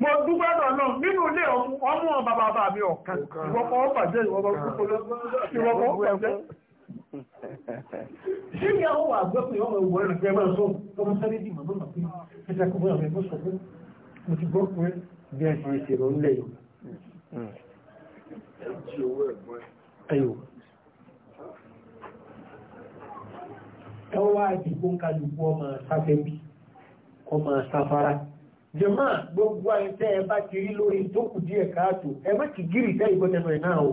mo dúpẹ́ lọ́nà nínú ilé ọmọ bàbá bàbá mi ọ̀kan ìwọ́pọ̀ ọ̀pàjẹ́ ìwọ́pọ̀ ọ̀pàjẹ́ ṣé ní àwọn àgbẹ́pẹ̀ ọmọ ìwọ̀ ẹ̀rùn jẹ́ máa sọ ọmọ sáré dì màmá màpín ẹ̀ta kò bọ́ àwọn ẹ̀kọ́ sọ fún mo ti gbọ́ pé bí a ṣe ṣe lọ nílẹ̀ yìí ẹ̀yọ̀ ẹwà ìdìbò ń kálukú ọmọ sáfẹ́ bí ọmọ sáfárá jẹ̀mọ́ gbogbo àìsẹ́ ẹ bá ti rí lórí tó kù díẹ̀ káàtó ẹ má ti gírì tẹ́ ìgbọ́tẹ̀nu ẹ̀ náà o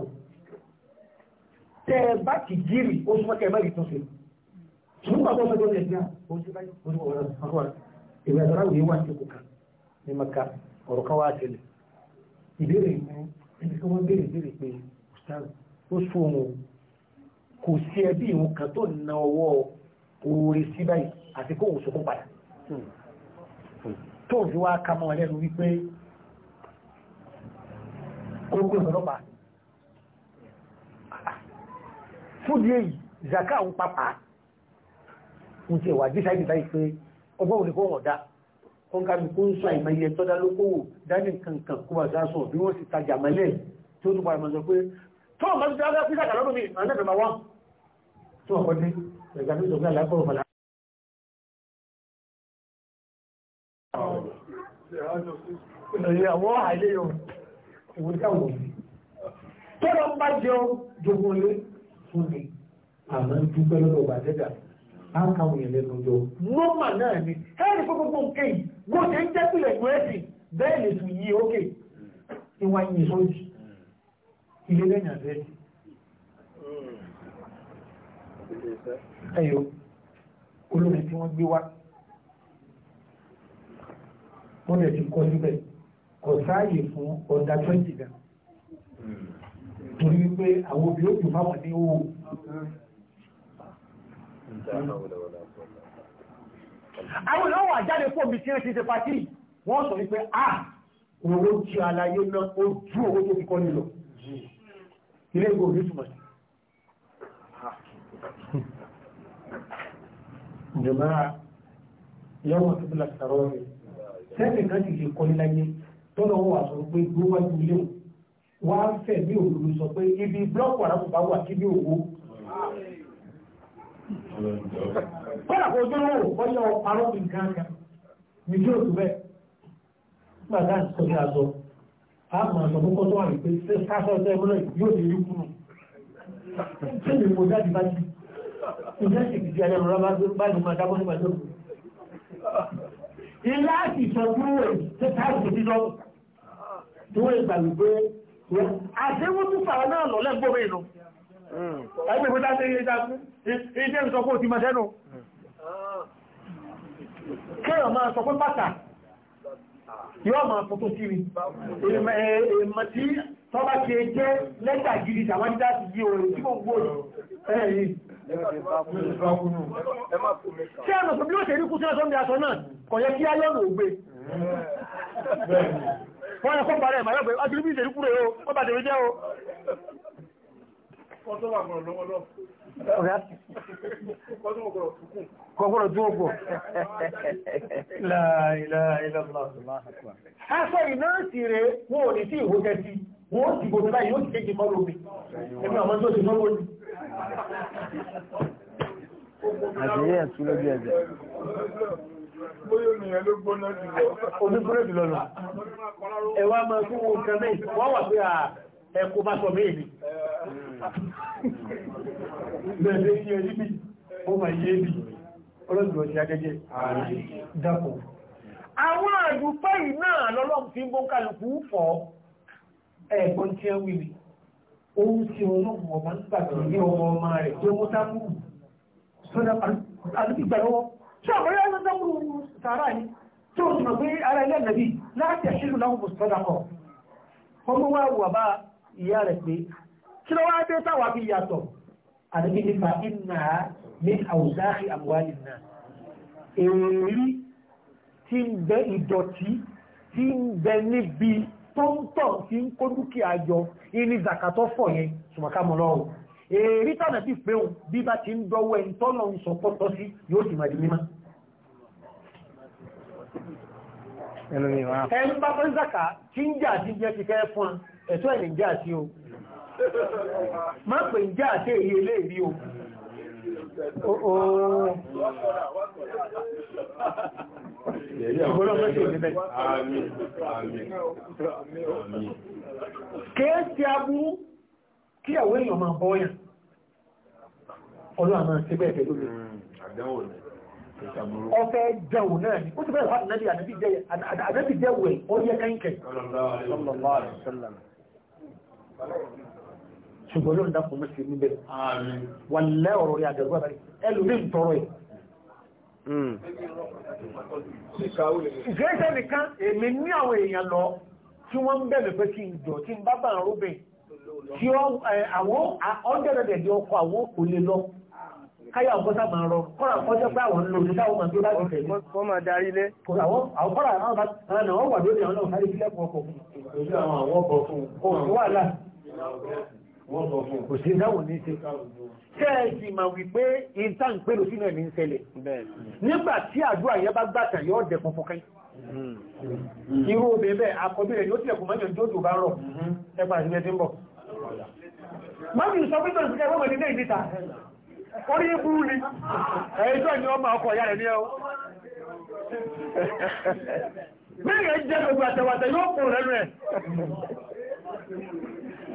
tẹ́ ẹ bá ti gírì ó súnmọ́ kẹ́ ẹ má rí tún sí ṣùgbọ́n àwọn ọmọdé ọ̀rẹ́ ìgbà ó ti báyìí ó ti wọ̀ ọ́rọ́ ìwé àtàrà òye wà ní ìkùkà ní maka ọ̀rọ̀ kan wá tẹ̀lé ìbéèrè ẹni kí wọ́n béèrè béèrè pé ó sún òun kò sí ẹbí ìwọ̀n kan tó na ọwọ́ oore sí àti kó òun padà hmm tó fi wá ka mọ́ ẹlẹ́nu wípé kókó ìsọ̀lọ́pàá fúdí èyí zaka ń papà ń ti wà dísáìdì báyìí pé ọgbọ́n òní kó wọ̀n dá ó ń ká bí kó ń sọ àìmọ̀ iye tọ́dá lókòwò dání kankan kó wà sásùn bí wọ́n sì tajà mẹ́lẹ̀ tó tún padà mọ́ sọ pé tó ọ̀gá tó dáadáa písà kà lọ́dún mi àwọn ẹ̀dẹ̀ bá tó ọ̀pọ̀ dé ẹ̀gbà tó sọ pé àlàkọ̀ọ́ ìyàwó àìlé yọ ìwé káwọn tó lọ bá jẹ jogun lé fún mi àmọ́ dúpẹ́ lọ́dọ̀ ọba àjẹ́dà á káwọn yẹn lẹ́nu jọ nọ́mà náà ni ẹ̀rí fún gbogbo nǹkan yìí bó ṣe ń jẹ́pìlẹ̀ ìlú ẹ̀sìn bẹ́ẹ̀ lè tún yí ókè ìwà yìí sọ́ọ̀jì ilé lẹ́yìn àbẹ́ẹ̀sì ẹ̀yọ́ olórin tí wọ́n gbé wá wọ́n lè ti kọ́ síbẹ̀ kò sáàyè fún ọ̀dà twenty gan torí wípé àwọn obì òjò fáwọn ní owó àwọn ìlọ́wọ̀ àjáde fún omi tí ó ti ṣe pàtí wọ́n sọ wípé à owó tí aláyé náà ó jú owó tó fi kọ́ nílọ ilé ìgbò ní túnmọ̀ sí jùmọ́ yọ́wọ́n tó bí lásìkò rọ́ọ̀rẹ́ sẹ́ẹ̀kì kan sì ṣe kọ́ni láyé tọ́lọ́ wà sọ pé gbówájú ilé wà á fẹ̀ bí òdodo sọ pé ibi blọ́ọ̀kù àràkù bá wà síbi òwò. kọ́lá kò tó lọ́wọ́ ó yọ arọ́pì nǹkan kan ní kí òtún bẹ́ẹ̀ nígbà tá a mọ̀ àṣọ tó kọ́tọ́ wà ní pé káṣọ ọ̀sẹ̀ ìmúlẹ̀ yóò ti rí kúrò ṣé mi kò jáde bá jù ìjẹ́ sì kìí di ayẹyẹ rárá bá ní máa dábọ́ nígbà tó ilé àti ìsọdúnwò tó táàbù tó dídọ́ tó wọ́n ìgbà wípé àṣewọ́n tún fàwọn náà lọ lẹ́gbọ́n mi nù ẹgbẹ́ ìpínlẹ̀ àti ilé ìdájú ilé ìsọ kó ti máa sẹ́nu kéèyàn máa sọ pé bàtà yóò máa fọ́tò sí mi èèmọ̀ tí tọ́ba ti jẹ́ lẹ́tà gidi tàwọn dídá sí yí orin tí mò ń gbòòrò ẹ̀yìn Ṣé ẹ̀nà tó bí ó ṣe rí kú sí ẹ̀sọ́ ní aṣọ náà kọ̀ yẹ kí á yọ́nà ògbé. Wọ́n yẹ kó parẹ́ ìmọ̀ yọ́gbé, ajúlúbí ìṣèrí kúrò ó, ó bàtẹ̀ jẹ́ o. Kọ̀gbọ́rọ̀ tó gbọ́. Aṣọ iná sí rẹ̀ wọ́n ò ní sí ìwòjẹ́ sí, wọ́n ó sì gbogbo báyìí ó sì kéjì mọ́rò mi. Ẹgbẹ́ àwọn tó sì mọ́rò ní. Àṣírí ẹ̀tú lójú ẹ̀jẹ̀. Bóyá ènìyàn ló gbóná jùlọ. Onígbóná jùlọ nù. Ẹ̀wà máa kú wọn kan mẹ́ ẹkó bá sọ méèlì lẹ́lẹ́ iye ibi ó ma yé ibi ọlọ́dún ọ̀sẹ̀ agẹ́gẹ́ dápọ̀ àwọn àdúgbò yìí náà lọ́lọ́ fi ń bókàlùkù fọ́ ẹ̀gbọ́n tí ẹ wíri ohun tí ọlọ́run ọba ń gbà tó ní ọmọ ọmọ rẹ̀ tí ó mú sáfúrù sọ́dọ̀ àdúgbò ìgbà tí ó sì mọ̀ pé ara ilé ẹ̀nàbí láti ẹ̀ṣẹ́lú láwọn mọ̀ sọ́dọ̀ kọ̀ ọmọ wa wà bá ìyá rẹ̀ pé kí ló wáá dé táwa fi yàtọ̀ àdébí nípa iná ní àwùdáàrí àmúwálì náà èrí tí ń bẹ ìdọ̀tí tí ń bẹ níbi tó ń tọ̀ tí ń kó dúkìá jọ ní zakatọ́ fọ̀ yẹn sùmọ̀kámọ́ lọ́wọ́ èrí tànà ti pé bí bá ti ń dọ́wọ́ ẹni tọ́lọ̀ ń sọ sí yóò sì máa di mímá ẹnu mi wá. ẹ bá fẹ́ zaka tí ń jà àti jẹ́ ti fẹ́ fún un ẹ̀tọ́ ẹ̀ níjà sí o má pè ń já àti èyí ilé ìrí o kèé tí a bú kí àwọn èèyàn máa bọ́yàn ọlọ́wà máa ṣe bẹ́ẹ̀ pẹ̀lú rẹ̀ hmm. ọfẹ́ jẹun náà ni ó ti bẹ́ẹ̀ wà náà bí ànábì jẹ́ wẹ̀ ó yẹ kẹ́kẹ́ ṣùgbọ́n ló ń dákùn mẹ́sì níbẹ̀ wà lẹ́ ọ̀rọ̀ rí àjọ̀gbọ́n àbárí ẹlùmí ń tọrọ ẹ̀ hmm. ìgbésẹ̀ nìkan èmi ní àwọn èèyàn lọ tí wọ́n ń bẹ̀rẹ̀ pé kí n jọ tí n bá bá rúbẹ̀ tí àwọn ọ̀dẹ̀rẹ̀dẹ̀ di ọkọ̀ àwọn kò lè lọ káyà ọ̀gọ́sà máa rọ kọ́ra kọ́jọ́ pé àwọn lòdì táwọn máa tó bá jùlẹ̀ ní wọ́n máa darí lé àwọn kọ́ra àwọn bá wà lórí àwọn náà sáré sílẹ̀kùn ọkọ̀ fún kò sí dáwò ní ṣe ṣẹ́ẹ̀sì ma wípé ìta ń pèrò sínú ẹ̀mí ń ṣẹlẹ̀ nígbà tí àdúrà yẹ bá gbàtà yóò dẹ̀kùn fún kẹ́ irú obè bẹ́ẹ̀ akọbí rẹ̀ yóò tẹ̀kùn mẹ́jọ tí ó dùn bá rọ̀ ẹgbà ìṣẹ́ tí ń bọ̀ mọ́bí sọ pé tọ́sí ẹgbẹ́ mọ̀ nílé ìdíta orí ibú ni ẹjọ́ ni ọmọ ọkọ̀ ìyá rẹ̀ ní ẹ́ Mẹ́rin jẹ́ gbogbo àtẹwàtẹ yóò kùn rẹ̀ rẹ̀.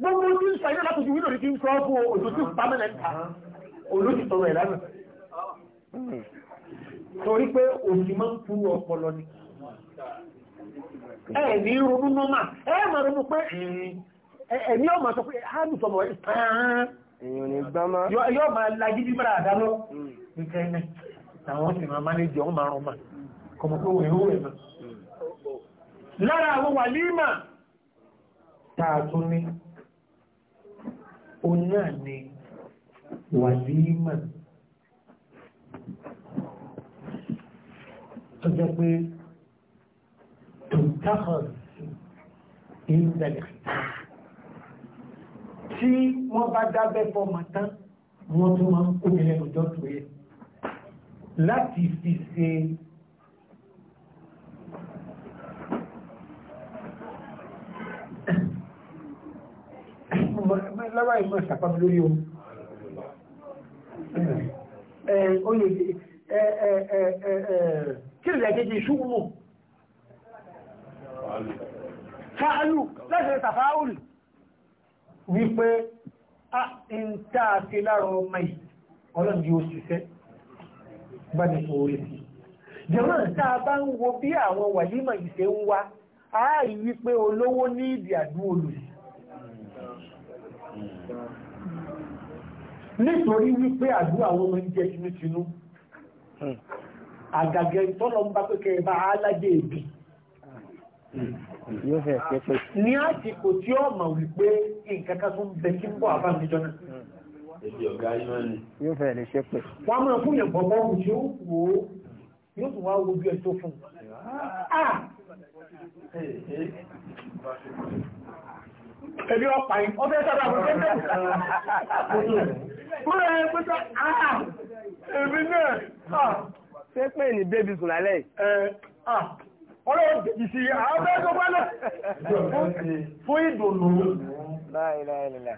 gbogbo tí ń sọ iná látòjú wílò ní kí ń sọ ọ́ fún òjò tí pàmílẹ̀ ń ta olóòtú tọrọ ẹ̀ lánàá torí pé òsì máa ń kú ọpọlọ ni ẹ ní ronú nọ́mà ẹ máa ronú pé ẹ̀mí ọmọ sọ pé hánù sọmọ ẹ̀ tán yóò máa lajú bí bára àdá lọ hmm. nìkan ẹ̀ àwọn sì máa mánéjì ọmọ márùn-ún mà kọmọ pé òwe òwe mà lára àwọn wàlímà tààtún ní òun náà ni wàlímà tó jẹ́ pé tòtáhàn ìrìnlẹ̀ tí wọ́n bá dábẹ́ fọmọ tán wọ́n tún máa ń kó mi lẹ́nu tó yẹ láti fi ṣe lára ìmọ̀ ìsàpámi lórí o oye kí lè kéjì ṣúgbùmù fàálù láti tàfàáùlù wípé a ń táà sí lára ọmọ yìí ọlọ́dí ó ṣiṣẹ́ bá ní orí sí jẹ́mọ́ táà bá ń wo bí àwọn wàlímà ìṣẹ́ ń wá ààrí wípé olówó ní ìdí àdú olùsí nítorí wípé àdúrà wọn máa ń jẹ́ tinútinú hmm. àgàgẹ́ tọ́lọ ń bá pẹ́kẹ́ bá alájé ìbí ní àsìkò tí ó mọ̀ wípé ìkankan tó ń bẹ kí ń bọ̀ àbámijọ́ náà Èdè ọ̀gá yóò ní. Yóò fẹ́ lè ṣe pé. Wọ́n máa fún yẹn pọ̀ mọ́rùn tí ó wò ó, yóò tún wá wo bí ẹ tó fún. Ah! ẹbí ọ̀pá yìí ọ̀fẹ́ sábà fún kẹ́kẹ́ kúrò ẹ̀ pẹ́sẹ́ àà èmi náà ah. ṣé pé ní bébí sùn lálẹ́ ah, ọlọ́wọ́ ìsì àwọn ẹgbẹ́ pálẹ̀ fún ìdùnnú láìláìlá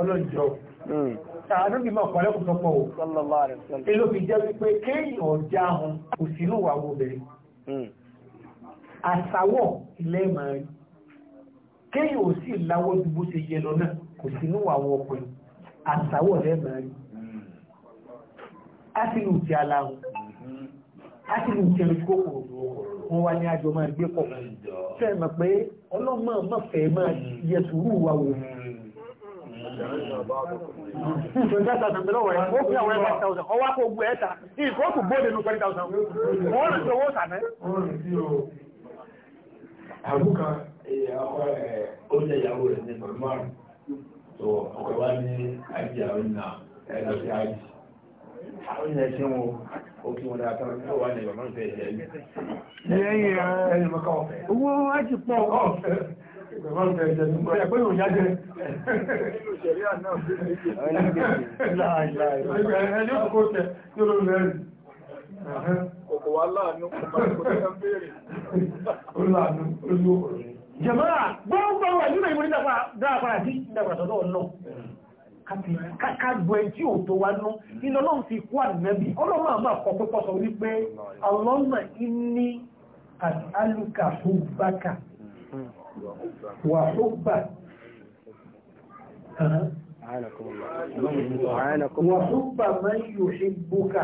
ọlọ́jọ́ hmm. tààdún bí máa pàlẹ́kù tọ́pọ̀ o èlò fi jẹ́ wípé kéèyàn já hun kò sínú wà wo bẹ̀rẹ̀ hmm. àsàwọ̀ ilẹ̀ máa rí kéyìn ò sì láwọ́ ju bó ṣe yẹ lọ náà kò sínú àwọn ọkùnrin àtàwọ̀ rẹ̀ máa rí ásìlù ti aláhùn ásìlù ti ẹnukókò wọn wá ní àjọ máa gbé pọ̀ fẹ́ mọ̀ pé ọlọ́mọ má fẹ́ máa yẹ sùúrù wa wò Ọwá kò gbé ẹ̀ta, ìfọ́kù bóde ní 20,000. Wọ́n rẹ̀ sọ wó sàmẹ́. Àbúkà Eh, ó jẹ́ ìyàwó rẹ̀ ní normal tó ọkọ̀ wá ní àìjí àwọn ìnà ẹ̀lọ́ sí àìjí àwọn ìyẹn tí wọn ó kí wọn dáadáa ní ọwọ́ ní ìwọ̀n náà fẹ́ ìyẹ́ yìí lẹ́yìn ẹni mọ́kọ́ owó á ti pọ̀ ọ́ Ìgbẹ̀mọ́ ìfẹ́ ìjẹ́ nígbà ẹ̀kọ́ ìròyìn ajẹ́. Ìlú ìṣẹ̀rí àná. Láàrín láàrín. Ẹni ó kò tẹ̀ tí ó lórí ẹ̀rí kòkòwà láàánú kò máa kò tẹ́ ń béèrè. ó láàánú olú òòrùn jẹ̀mọ́ra gbọ́ngbọ́ wà nínú ìwé dáadáa sí ìdàgbàsọ́dọ̀ náà kágbọ́ ẹjí ò tó wá nú iná náà fi kú ànẹ́bí ọlọ́run àmà kọ pípọ́ sọ wípé Allahumma inni as'aluka hubbaka wa hubba wa hubba man yuhibbuka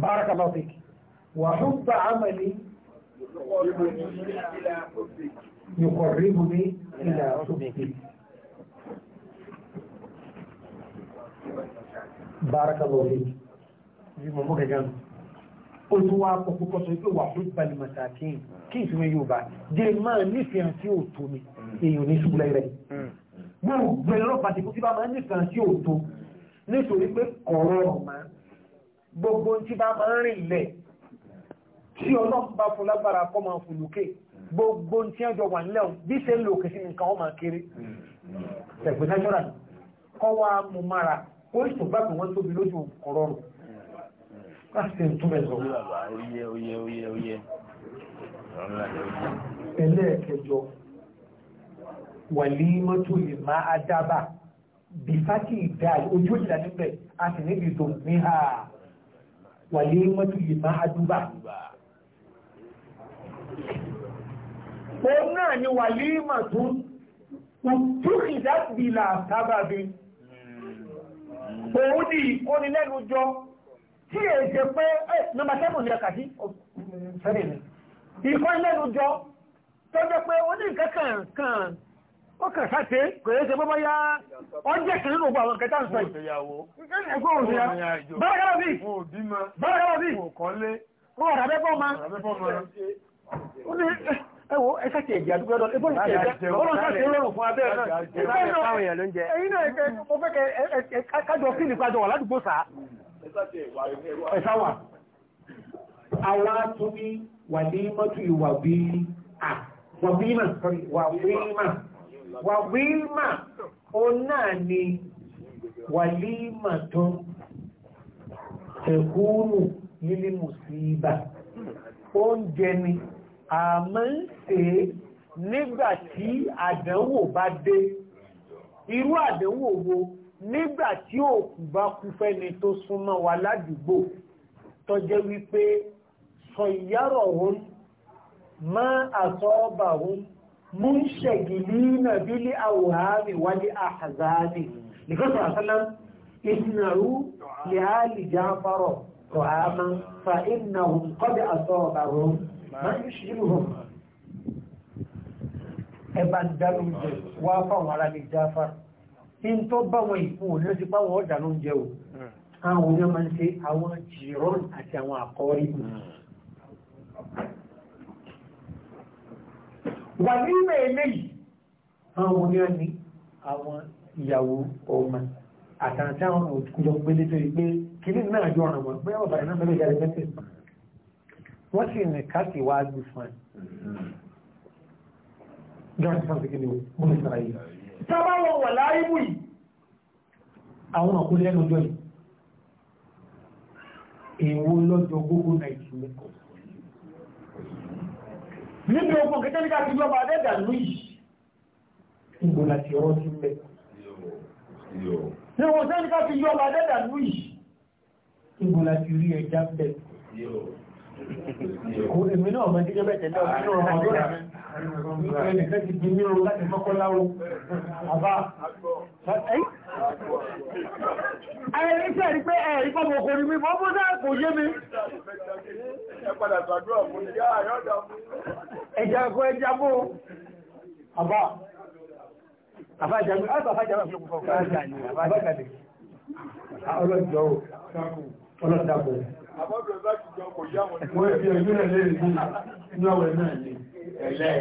barakallahu fiki وحب عملي يقربني إلى حبك بارك الله فيك mo mọ́ gẹ̀gẹ́ o tún wá pọ̀pọ̀ kọ́ sọ pé wà fún ìpàlì màtàkì kí ìsinmi yóò bá jẹ́ máa nífẹ̀ẹ́ sí òtò mi èèyàn ní ṣúgbọ́ rẹ̀ hmm. gbogbo ẹ̀rọ pàtàkì tí bá máa nífẹ̀ẹ́ sí òtò nítorí pé ọ̀rọ̀ ọ̀mà gbogbo tí bá máa rìn lẹ̀ tí ọlọ́run bá fún lágbára kọ́ máa fún lókè gbogbo tí ẹjọ wà nílẹ̀ bí ṣe ń lò kìí nǹkan ọmọ kéré ẹ̀gbẹ́ nájọ́ra kọ́ wa mú mara ó ìṣò gbà pé wọ́n tóbi lójú ọ̀rọ̀ rù láti ń túbẹ̀ sọ. ẹlẹ́ẹ̀kẹjọ wàlí mọ́tò lè máa dábà bí fákì ìdáàlì ojú ìlà níbẹ̀ a sì níbi tó ní wàlí mọ́tò lè máa dúbà. òun náà ni wàlímà tún òtúkìdá bìlà sábàbí hmm. òun ní ìkónilẹ́nu jọ tí è jẹ pé nọmba sẹ́fùn ní ẹkàtí oh, fẹ́rẹ̀ rẹ̀ ìkónilẹ́nu jọ tó jẹ pé ó ní nǹkan kan kan ó kàn sáté kò yẹ́ ṣe bọ́bọ́ yá ọjẹ́ kìí nínú àwọn kẹta ń sọ ìgbéyàwó ẹgbẹ́ òṣìyà bárakàlá bí bárakàlá bí kò kọ́lé ó rà bẹ́bọ́ ma ẹwọ ẹsẹ̀kì ẹ̀jì àdúgbò ẹ̀dọ́ ẹgbọ́n ìṣẹ̀jẹ́ ọlọ́run sáà ṣe rọrùn fún abẹ́ ẹ̀rọ ẹ̀yìn náà ẹ̀kẹ́ mo fẹ́ kẹ́ kájọ sí nípa jọ wà ládùúgbò sáà ẹ̀sáwà àwọn atúmí wà ní mọ́tò ìwà wíìmà wà wíìmà ó náà ni wàlíìmà tó ẹ̀kúrù nílé mùsíbà oúnjẹ ni àmọ́ ń ṣe nígbà tí àdánwò bá dé irú àdánwò wo nígbà tí òkú bá kú fẹ́ni tó súnmọ́ wa ládùúgbò tó jẹ́ wípé sọ̀yárọ̀ òun má àsọ́ọ̀bà òun mú ń ṣẹ̀gìlì náà bí lé àwòrán wálé àhàzáàlì nìkan sọ̀rọ̀ ìsìnàrú lè jáfárọ̀ tọ̀hámá fa ìnà òun kọ́bẹ̀ àsọ́ọ̀bà òun máa ń ṣírò hàn ẹ bá dánú jẹ wá fáwọn ará ní jáfà tí ń tó bá wọn ìfún òní ó ti bá wọn dánú jẹ o àwọn oní máa ń ṣe àwọn jìrọ́n àti àwọn àkọ́rí wà nílẹ̀ eléyìí àwọn oní ní àwọn ìyàwó ọmọ àtàntà àwọn òkújọ gbélé tó náà jọ wọ́n sì ní káàkì wá gbé fún ẹ. John Sọ́n ti kéde wọ́n ní sara yìí. Sábà wọn wà láyé mú yìí. Àwọn ọ̀kú lẹ́nu ọjọ́ yìí. Èwo lọ́jọ́ gbogbo Nàìjíríà. Níbi ogun kẹtẹ́ ní káàkiri ọba Adẹ́gà ló yìí. Ìgbò láti ọ̀rọ̀ ti mẹ́. Ní òun sẹ́ni káàkiri ọba Adẹ́gà ló yìí. Ìgbò láti rí ẹja bẹ̀ èmi náà mọ̀ jíjẹ́ bẹ́ẹ̀ tẹ̀lé ọdún náà ọmọ aba, náà ẹnìkan ti di mí o láti kọ́kọ́ láwọ́ àbá ẹ̀yìn ẹ̀yìn sẹ́rí pé ẹ̀rí pọ́pọ̀ kò rí mi mọ́ bó náà kò yé mi ẹ̀jà kò aba bó aba àbá ìjàgbé àbá aba àfihàn aba fọ́ àbá ìjàgbé ọlọ́dọ̀ ọlọ́dàbọ̀ àbọ́dọ̀ láti jọ wọ́n fi ẹgbẹ́ ẹ̀lẹ́ ìlú ní ọwọ́ ẹ̀mẹ́ ẹ̀lẹ́ ẹ̀lẹ́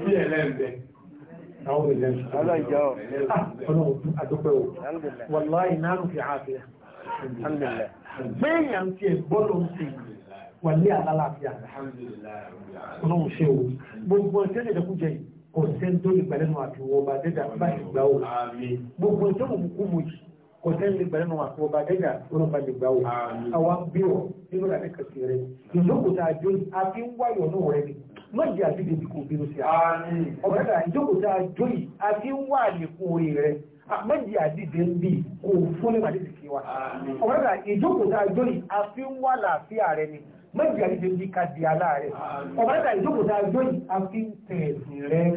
sí ẹ̀lẹ́ ẹ̀lẹ́ àwọn ilẹ̀ àdúpẹ́ o wàláì náà fi àáfíà bẹ́ẹ̀ yàn tí ẹ̀ gbọ́dọ̀ ń sìn wà ní àlàáfíà ọlọ́run ṣe o gbogbo ẹ̀jẹ̀ lè dẹ́kúnjẹ kò sẹ́ńtó ìgbàlẹ́nu àti wọ́n bá dẹ́dà bá ìgbà o gbogbo ẹ̀jẹ̀ mọ̀ kú mọ̀ yìí kò sẹ́ni lè gbẹ̀rẹ̀ náà àtúwọ̀ bá dẹ́gà olùkọ́ lè gbà wò àwa bí wọ̀ nínú ìlànà kẹsì rẹ̀ ìjókòtà àjò àti ń wáyọ̀ náà rẹ̀ ni má jẹ́ àti dèbí kò bínú sí a ọ̀rẹ́dà ìjókòtà àjò yìí àti ń wà nìkún orí rẹ̀ má jẹ́ àdìdè ń bì kò fún ní màdìdì kí wa ọ̀rẹ́dà ìjókòtà àjò yìí àti ń wà làáfíà rẹ̀ ni má jẹ́ àdìdè ń ká di aláàrẹ̀ ọ̀rẹ́dà ìjókòtà àjò yìí àti ń tẹ̀ ẹ̀sìn rẹ̀ ń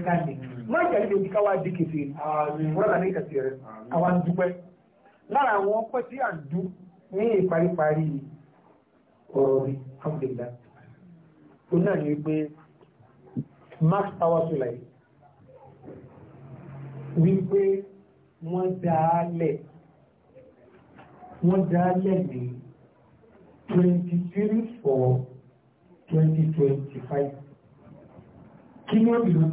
bì lára àwọn ọpẹ́ tí à ń dú ní ìparíparí ọ̀rọ̀ rí alhamdulillah ó náà ní pé max power to life wípé wọ́n dáálẹ̀ wọ́n dáálẹ̀ ní 23 for 2025 kí ni ó bìlú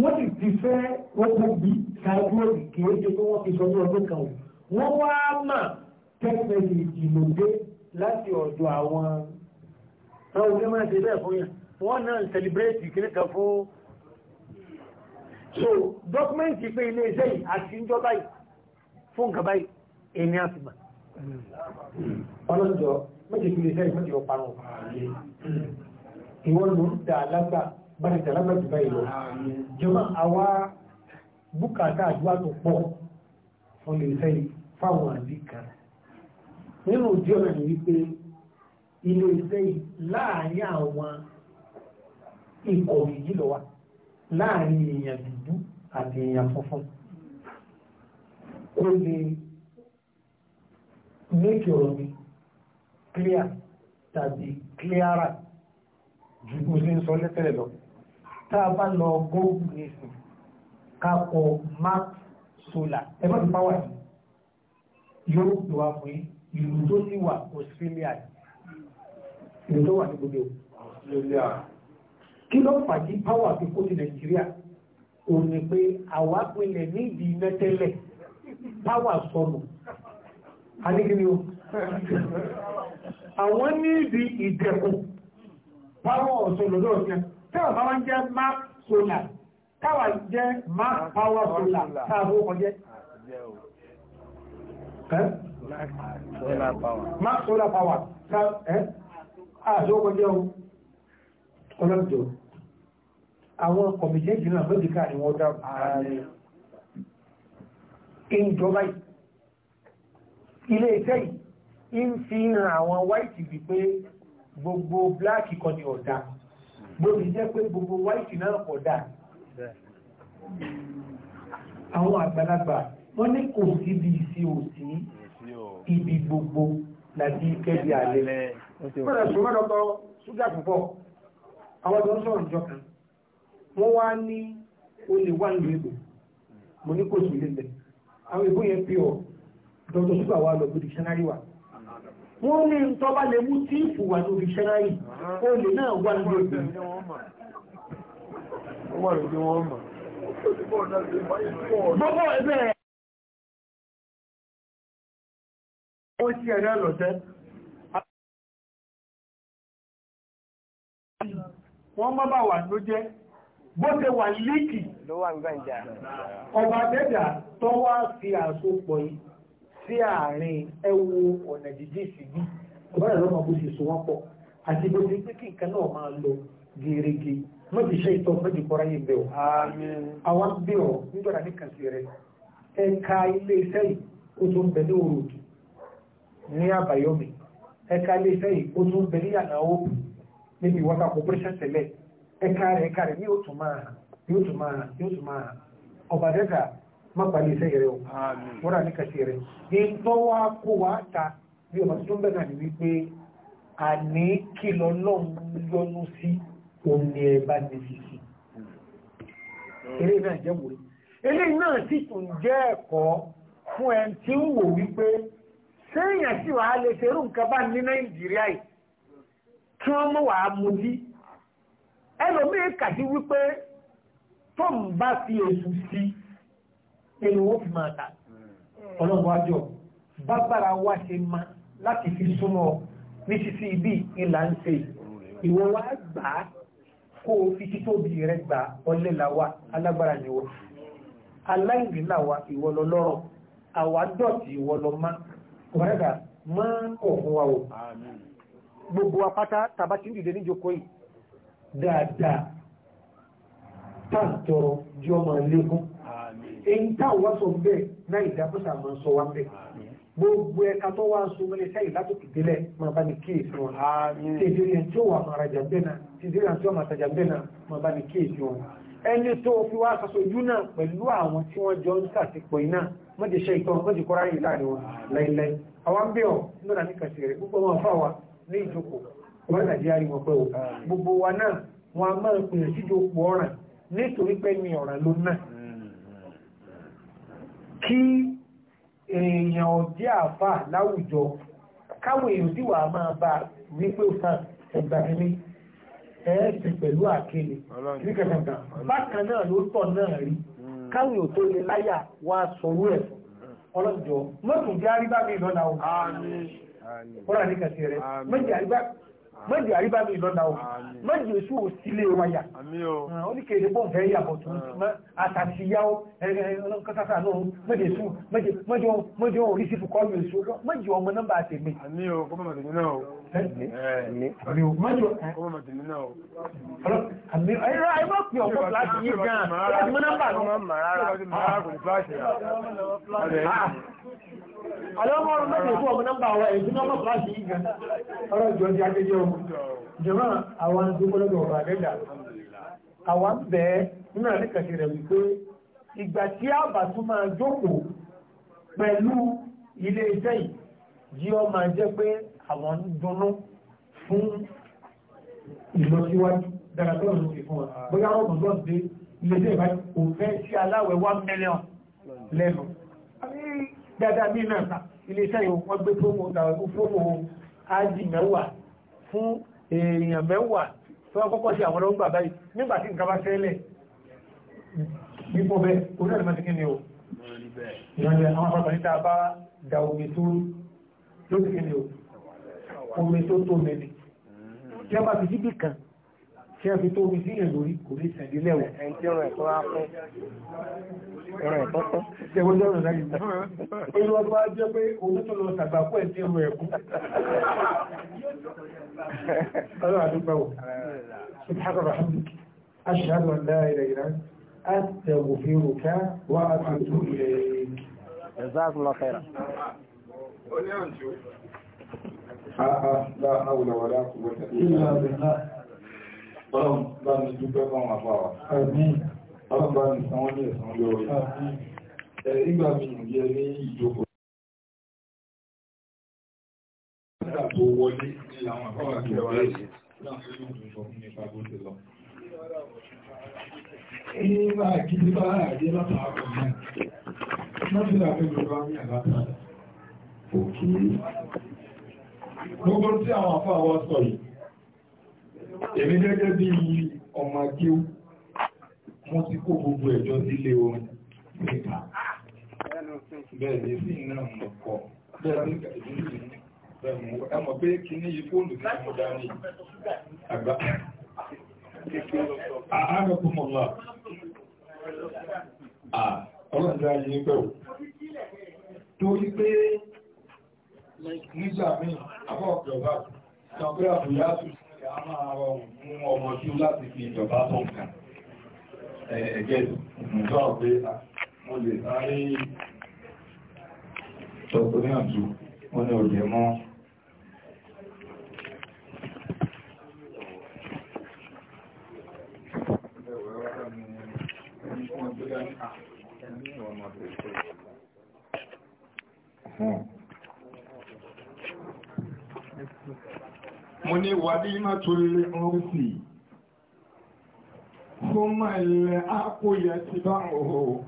wọ́n ti ti fẹ́ ọkọ̀ bí káàkiri kéèké tó wọ́n ti sọ ní ọdún kan wọ́n wá mà tẹ́kẹ̀lì ìlòdé láti ọ̀dọ̀ àwọn àwọn ọdún máa ṣe bẹ́ẹ̀ fún yà wọ́n náà ń sẹlẹ̀bírẹ́tì kí nìkan fún so dọ́kúmẹ́ntì pé ilé iṣẹ́ yìí àti ń jọba yìí fún nǹkan báyìí èmi á fi mà. ọlọ́dọ̀ méjì kìlẹ̀ iṣẹ́ yìí méjì ọ̀parun ìwọ́n bára ìtàlágbà jù báyìí lọ jọmọ́ àwa bùkátà àdúrà tó pọ̀ fún lè fẹ́ fáwọn àdíkà nínú òdí ọ̀nà ni wípé ilé iṣẹ́ láàárín àwọn ikọ̀ yìí lọ wa láàárín èèyàn dúdú àti èèyàn funfun ó lè méjì ọ̀rọ̀ mi clear tàbí clearer ju bó ṣe ń sọ lẹ́tẹ̀lẹ̀ lọ tá a bá lọ góògù nìsín kakọ max solar ẹ má fi power yìí yóò lò wá fún yín ìlú tó sì wà Australia ìlú tó wà ní gbogbo Australia kí ló fàájì power fi kó ti Nàìjíríà òun ni pé àwa pinlẹ̀ nídìí iná tẹ́lẹ̀ power sọnù anígbìmí o àwọn nídìí ìdẹ̀kùn power ọ̀sọ̀ lọ́dọ̀ ọ̀sẹ̀ táwọn bá wá ń jẹ́ mark solar káwà jẹ́ mark power solar káàbó kọjẹ́ mark solar power káàbó kọjẹ́ o ọlọ́dọ̀ àwọn kọ̀mìtẹ́jì náà lójíká ni wọ́n dá ìjọba ilé iṣẹ́ yìí ń fi hàn àwọn white wípé gbogbo black kọ́ ni ọ̀dá bó ti jẹ́ pé gbogbo wáìtì náà pọ̀ dà àwọn àgbàlagbà wọ́n ní kò síbi ìsí òsí ibi gbogbo láti kẹ́bi àlẹ́ fọ́nà ṣùgbọ́n lọ́kọ́ ṣúgà púpọ̀ àwọn tó ń sọ̀rọ̀ ìjọ kan wọ́n wá ní o lè wà nílùú èbò mo ní kò sí lélẹ̀ àwọn èbó yẹn pí ọ dr ṣúgà wà lọ bí dictionary wa wọ́n ní tọ́bá lè mú tí ìfùwà tó fi ṣẹ́rá yìí ó lè náà wà ní ọjọ́ gbogbo ẹgbẹ́ rẹ̀ ó sí ẹ̀rẹ́ lọ́tẹ́ wọ́n má bà wà ló jẹ́ bó ṣe wà líkì ọba tẹ́jà tọ́wọ́ sí àsopọ̀ yìí sí àárín ẹwu ọ̀nà jíjìn sí bí báyìí lọ́mọ bó ṣe so wọ́n pọ̀ àti bó ṣe pé kí nǹkan náà máa lọ gèrègè mọ́jì ṣe ìtọ́ mọ́jì kọ́ra yìí bẹ̀ ọ́. àwọn bí ọ nígbàdà ní kàṣí rẹ ẹ̀ka ilé iṣẹ́ yìí ó tún bẹ ní òròdù ní àbáyọ́mì ẹ̀ka ilé yìí ó tún bẹ ní ànáwó níbi ìwọ́ta corporation tẹ̀lẹ̀ ẹ̀ka rẹ̀ ẹ̀ka rẹ̀ ní yóò tún máa yóò tún máa yóò tún máa ọ̀bàdẹ́gà mọ́pàálì iṣẹ́ rẹ̀ o wọ́n rà ní kàṣí rẹ̀ ní tó wá ta bí ọmọ tó ń bẹ̀ náà ní wípé àní kìlọ̀ náà yọnu sí omi ẹ̀bá ní sísì eré náà jẹ́ wòrí eré náà sì tún jẹ́ ẹ̀kọ́ fún ẹ tí ń wò wípé séèyàn sì wàá lè ṣerú nǹkan bá ní nàìjíríà yìí kí wọ́n mọ̀ wàá mú bí ẹlòmíín kàdí wípé tó ń bá fi èsù sí i ẹni wọ́n fi máa ta hmm. ọlọ́run àjọ bábára wá ṣe ma láti fi súnmọ́ ní sísí ibi ìlà ń ṣe ìwọ wá gbà á kó o fi títóbi rẹ gbà ọlẹ́ làwa alágbára ni wọ́n aláìní làwa ìwọ lọ lọ́rọ̀ àwa dọ̀tí ìwọ lọ má ọ̀rẹ́dà máa kọ̀ fún wa o gbogbo apáta tàbá ti ń dìde níjókòó yìí dáadáa táà tọrọ jọmọ lékún èyí táwọn sọ bẹ́ẹ̀ náà ìdákọ́sà máa ń sọ wá bẹ́ẹ̀ gbogbo ẹ̀ka tó wá sọ wọlé sẹ́yìn látòkè délẹ̀ máa bá ní kíyèsí wọn tèdè yẹn tí ó wà máa rajà bẹ́ẹ̀ náà tèdè yẹn tí ó máa tajà bẹ́ẹ̀ náà máa bá ní kíyèsí wọn ẹni tó fi wá aṣojú náà pẹ̀lú àwọn tí wọ́n jọ ń sàtìpọ̀ iná mọ́jẹ̀ ṣe ìtọ́ mọ́jẹ̀ kọ́ra yìí láàrin wọn láìláì àwọn bí ọ̀ nígbà ní kàṣẹ gbogbo wọn fáwa ní ìjókòó wọ́n nítorí pé ní ọ̀ràn ló náà kí èèyàn ọ̀jẹ́ àfà láwùjọ káwọn èèyàn sì wà máa bá wípé ó sàn ẹgbà ẹni ẹ̀ẹ́sì pẹ̀lú àkèlè nígbàgbà bákan náà ló tọ̀ náà rí hmm. káwọn èèyàn tó lè láyà wá sọrú ẹ̀ hmm. ọlọ́jọ́ mọ́tò jẹ́ àríbá mi lọ́la o. Àmín. Ọ̀rọ̀ àníkàtì rẹ̀ mọ́tò jẹ́ àríbá mọ́jì àríbá mi lọ́nà o mọ́jì oṣù òsílé wáyà oníkèèrè bọ́ bẹ́ẹ̀ yàbọ̀ tó àtàtìyá o kọ́sàkà náà mọ́jì oṣù mọ́jì oríṣìí fún kọ́ mi oṣù mọ́jì ọmọ nọ́mbà àtẹ̀mí. àmì o kọ́mọ̀ màtẹ̀mí náà o mi ò mọ́jọ ẹ̀ ẹ̀rọ ẹ̀mọ́ pè ọ̀pọ̀ láti yí gan láti mọ́ nọ́mbà alọ́mọ́ ọ̀rọ̀ mẹ́rin fún ọmọ nọ́mbà wa èyí nọ́mbà láti yí gan ọ̀rọ̀ ìjọ di ajẹjẹ ohun jọmọ́ àwọn agbókọ́lọ́gbọ̀ ọ̀rọ̀ àdẹ́dà àwọn bẹ́ẹ̀ nínú àdẹ́kàṣe rẹ̀ wípé ìgbà tí a bá tún máa jókòó pẹ̀lú ilé iṣẹ́ yìí jí ọ máa jẹ́ pé àwọn dunnú fún ìlọsíwájú dára tó lọ́nà ti fún wa ah. bóyá ọ̀gbọ̀n lọ́n dé ilé dé ìbáyé kò fẹ́ sí aláwẹ̀ wá mílíọ̀n lẹ́nu dáadáa bí náà ta ilé iṣẹ́ yìí wọ́n gbé fóòmù tàwọn fóòmù ájì mẹ́wàá fún èèyàn mẹ́wàá tó wọ́n kọ́kọ́ sí àwọn ọlọ́gbà báyìí nígbà tí nǹkan bá fẹ́lẹ̀ bípọ̀ bẹ́ẹ̀ onílẹ̀ lórí kìíní o omi tó tó mẹ́ni tí a bá fi síbì kan tí a fi tó omi síyàn lórí kò ní sẹ̀dí lẹ́wọ̀. ẹni tí ọ̀rọ̀ ẹ̀kọ́ á pẹ́ ọ̀rọ̀ ẹ̀kọ́ tán. jẹ́wọ́n jẹ́ ọ̀rọ̀ láyé náà olú ọba jẹ́ pé owó tó lọ tàgbà kú ẹ̀ tí ọ̀rọ̀ ẹ̀kú. ọlọ́run àdúgbò wò subhanahu wa rahmatulahi ashhadu an la ilaha illa أستغفرك وأتوب إليك جزاكم الله خيرا Ọlọ́run bá mi dúpẹ́ fún àwọn àpá wa. Ọlọ́run bá mi sanwó ní ẹ̀san lórí. Ìgbà mi yẹ ní ìjókòó. Nígbà tó wọlé ní àwọn àpá wa kí ọ̀rẹ́ ìṣẹ́ Ìgbà kí ní bá àdé látàkùn náà. Mọ́sílà fẹ́ gbogbo àwọn àgbàtà òkè gbogbo tí àwọn àfá àwọn sọ yìí èmi gẹ́gẹ́ bí ọmọ agéwú mo ti kó gbogbo ẹ̀jọ́ sílé orin nípa bẹ́ẹ̀ sí iná mọ̀kọ̀ ẹmọ̀ pé kí ní yí fóònù tí mo dá ní àgbà àárẹ̀kùnmọ̀lá ọlọ́dá yìí pẹ̀wò torí pé nígbà míì àbọ̀ ìjọba ìjọba àbúyá tó ṣe a máa rọ fún ọmọ tí ó láti fi ìjọba tó ń kà ẹ̀gẹ́ ìjọ pé mo lè sáré tọ́tọ́ ní àjò wọ́n ní òjẹ̀ mọ́ Hmm mo ní wàlímà tó lè ọrùn sí fún máa ilẹ̀ àkóyà ti bá ọ̀họ̀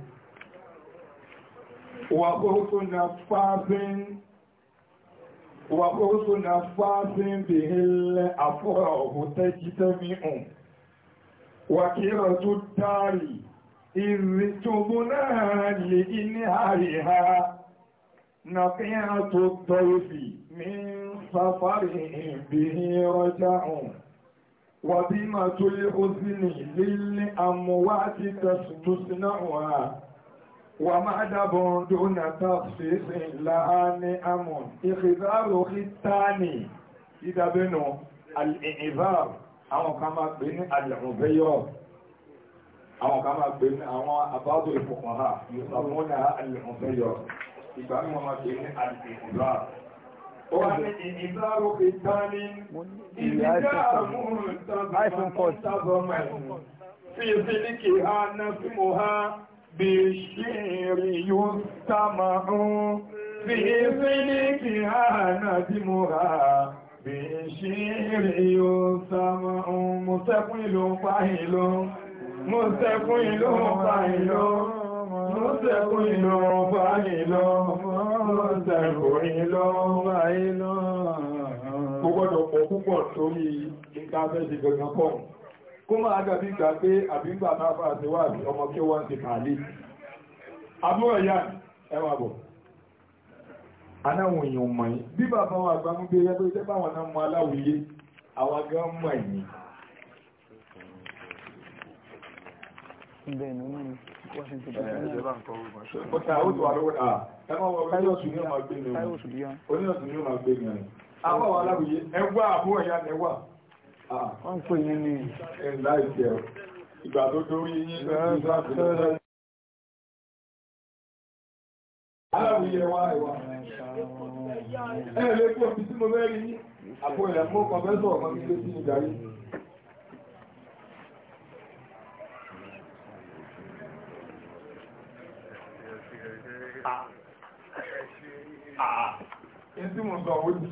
wàkóso na fáfin bí ilẹ̀ àfọ́rọ̀ ọ̀hún tẹ́jítẹ́mí ọ̀hún wàkírọ̀ tó dáàrí ìrìtòmúnáà lè ní àríhá nàfíà tó tọ́rọ sí سفر به رجع وبما الحزن للأموات تصنعها ومعدب دون تخصيص لها نعم إخذار ختان إذا بنوا الإعذار أو كما بين العذير أو كما بين بعض الفقهاء يسمونها العذير إذا ما بين الإعذار Bèṣìrì yóò sàmàrún, bí i fílìkì ààrẹ bí mo ha, bèṣìrì yóò sàmàrún, mo sẹ́kún ìlú ń pa ìlú, mo sẹ́kún ìlú ń pa ìlú mọ́tẹ̀kùn ìlọ fàáìlọ mọ́tẹ̀kùn ìlọ fàáìlọ kó gbọ́dọ̀ pọ̀ púpọ̀ torí ìta mẹ́sì gangan pọ̀ kó máa gàbí ìgbà pé àbígbà máa fà àti wà bí ọmọ kí wọ́n ti kàálì àbúrò ìyá ẹwà bọ̀ anáwọn èèyàn mọ̀ yìí bí bàbá wọn àgbà mú bí ẹyẹ pé tẹ́bà náà mọ aláwòye àwọn gan mọ̀ yìí ọ̀tà ó ti wà lọ́wọ́ à ẹ máa wọ oníyọ̀sùn ní ọmọ gbé ni oníyọ̀sùn ní ọmọ gbé ni àwọn wà láwùyé ẹwà àbúrò ẹ̀yà ẹwà. wọ́n ń pè yín ní. ẹ̀ láì jẹ́ ìgbà tó dórí yín lọ́wọ́ aláwòye wa ẹwà ẹ lè kó ọtí tí mo àpò ìyàmó kọfẹ́sọ̀ ọmọ mi lé sí ìdarí. àà ah. àà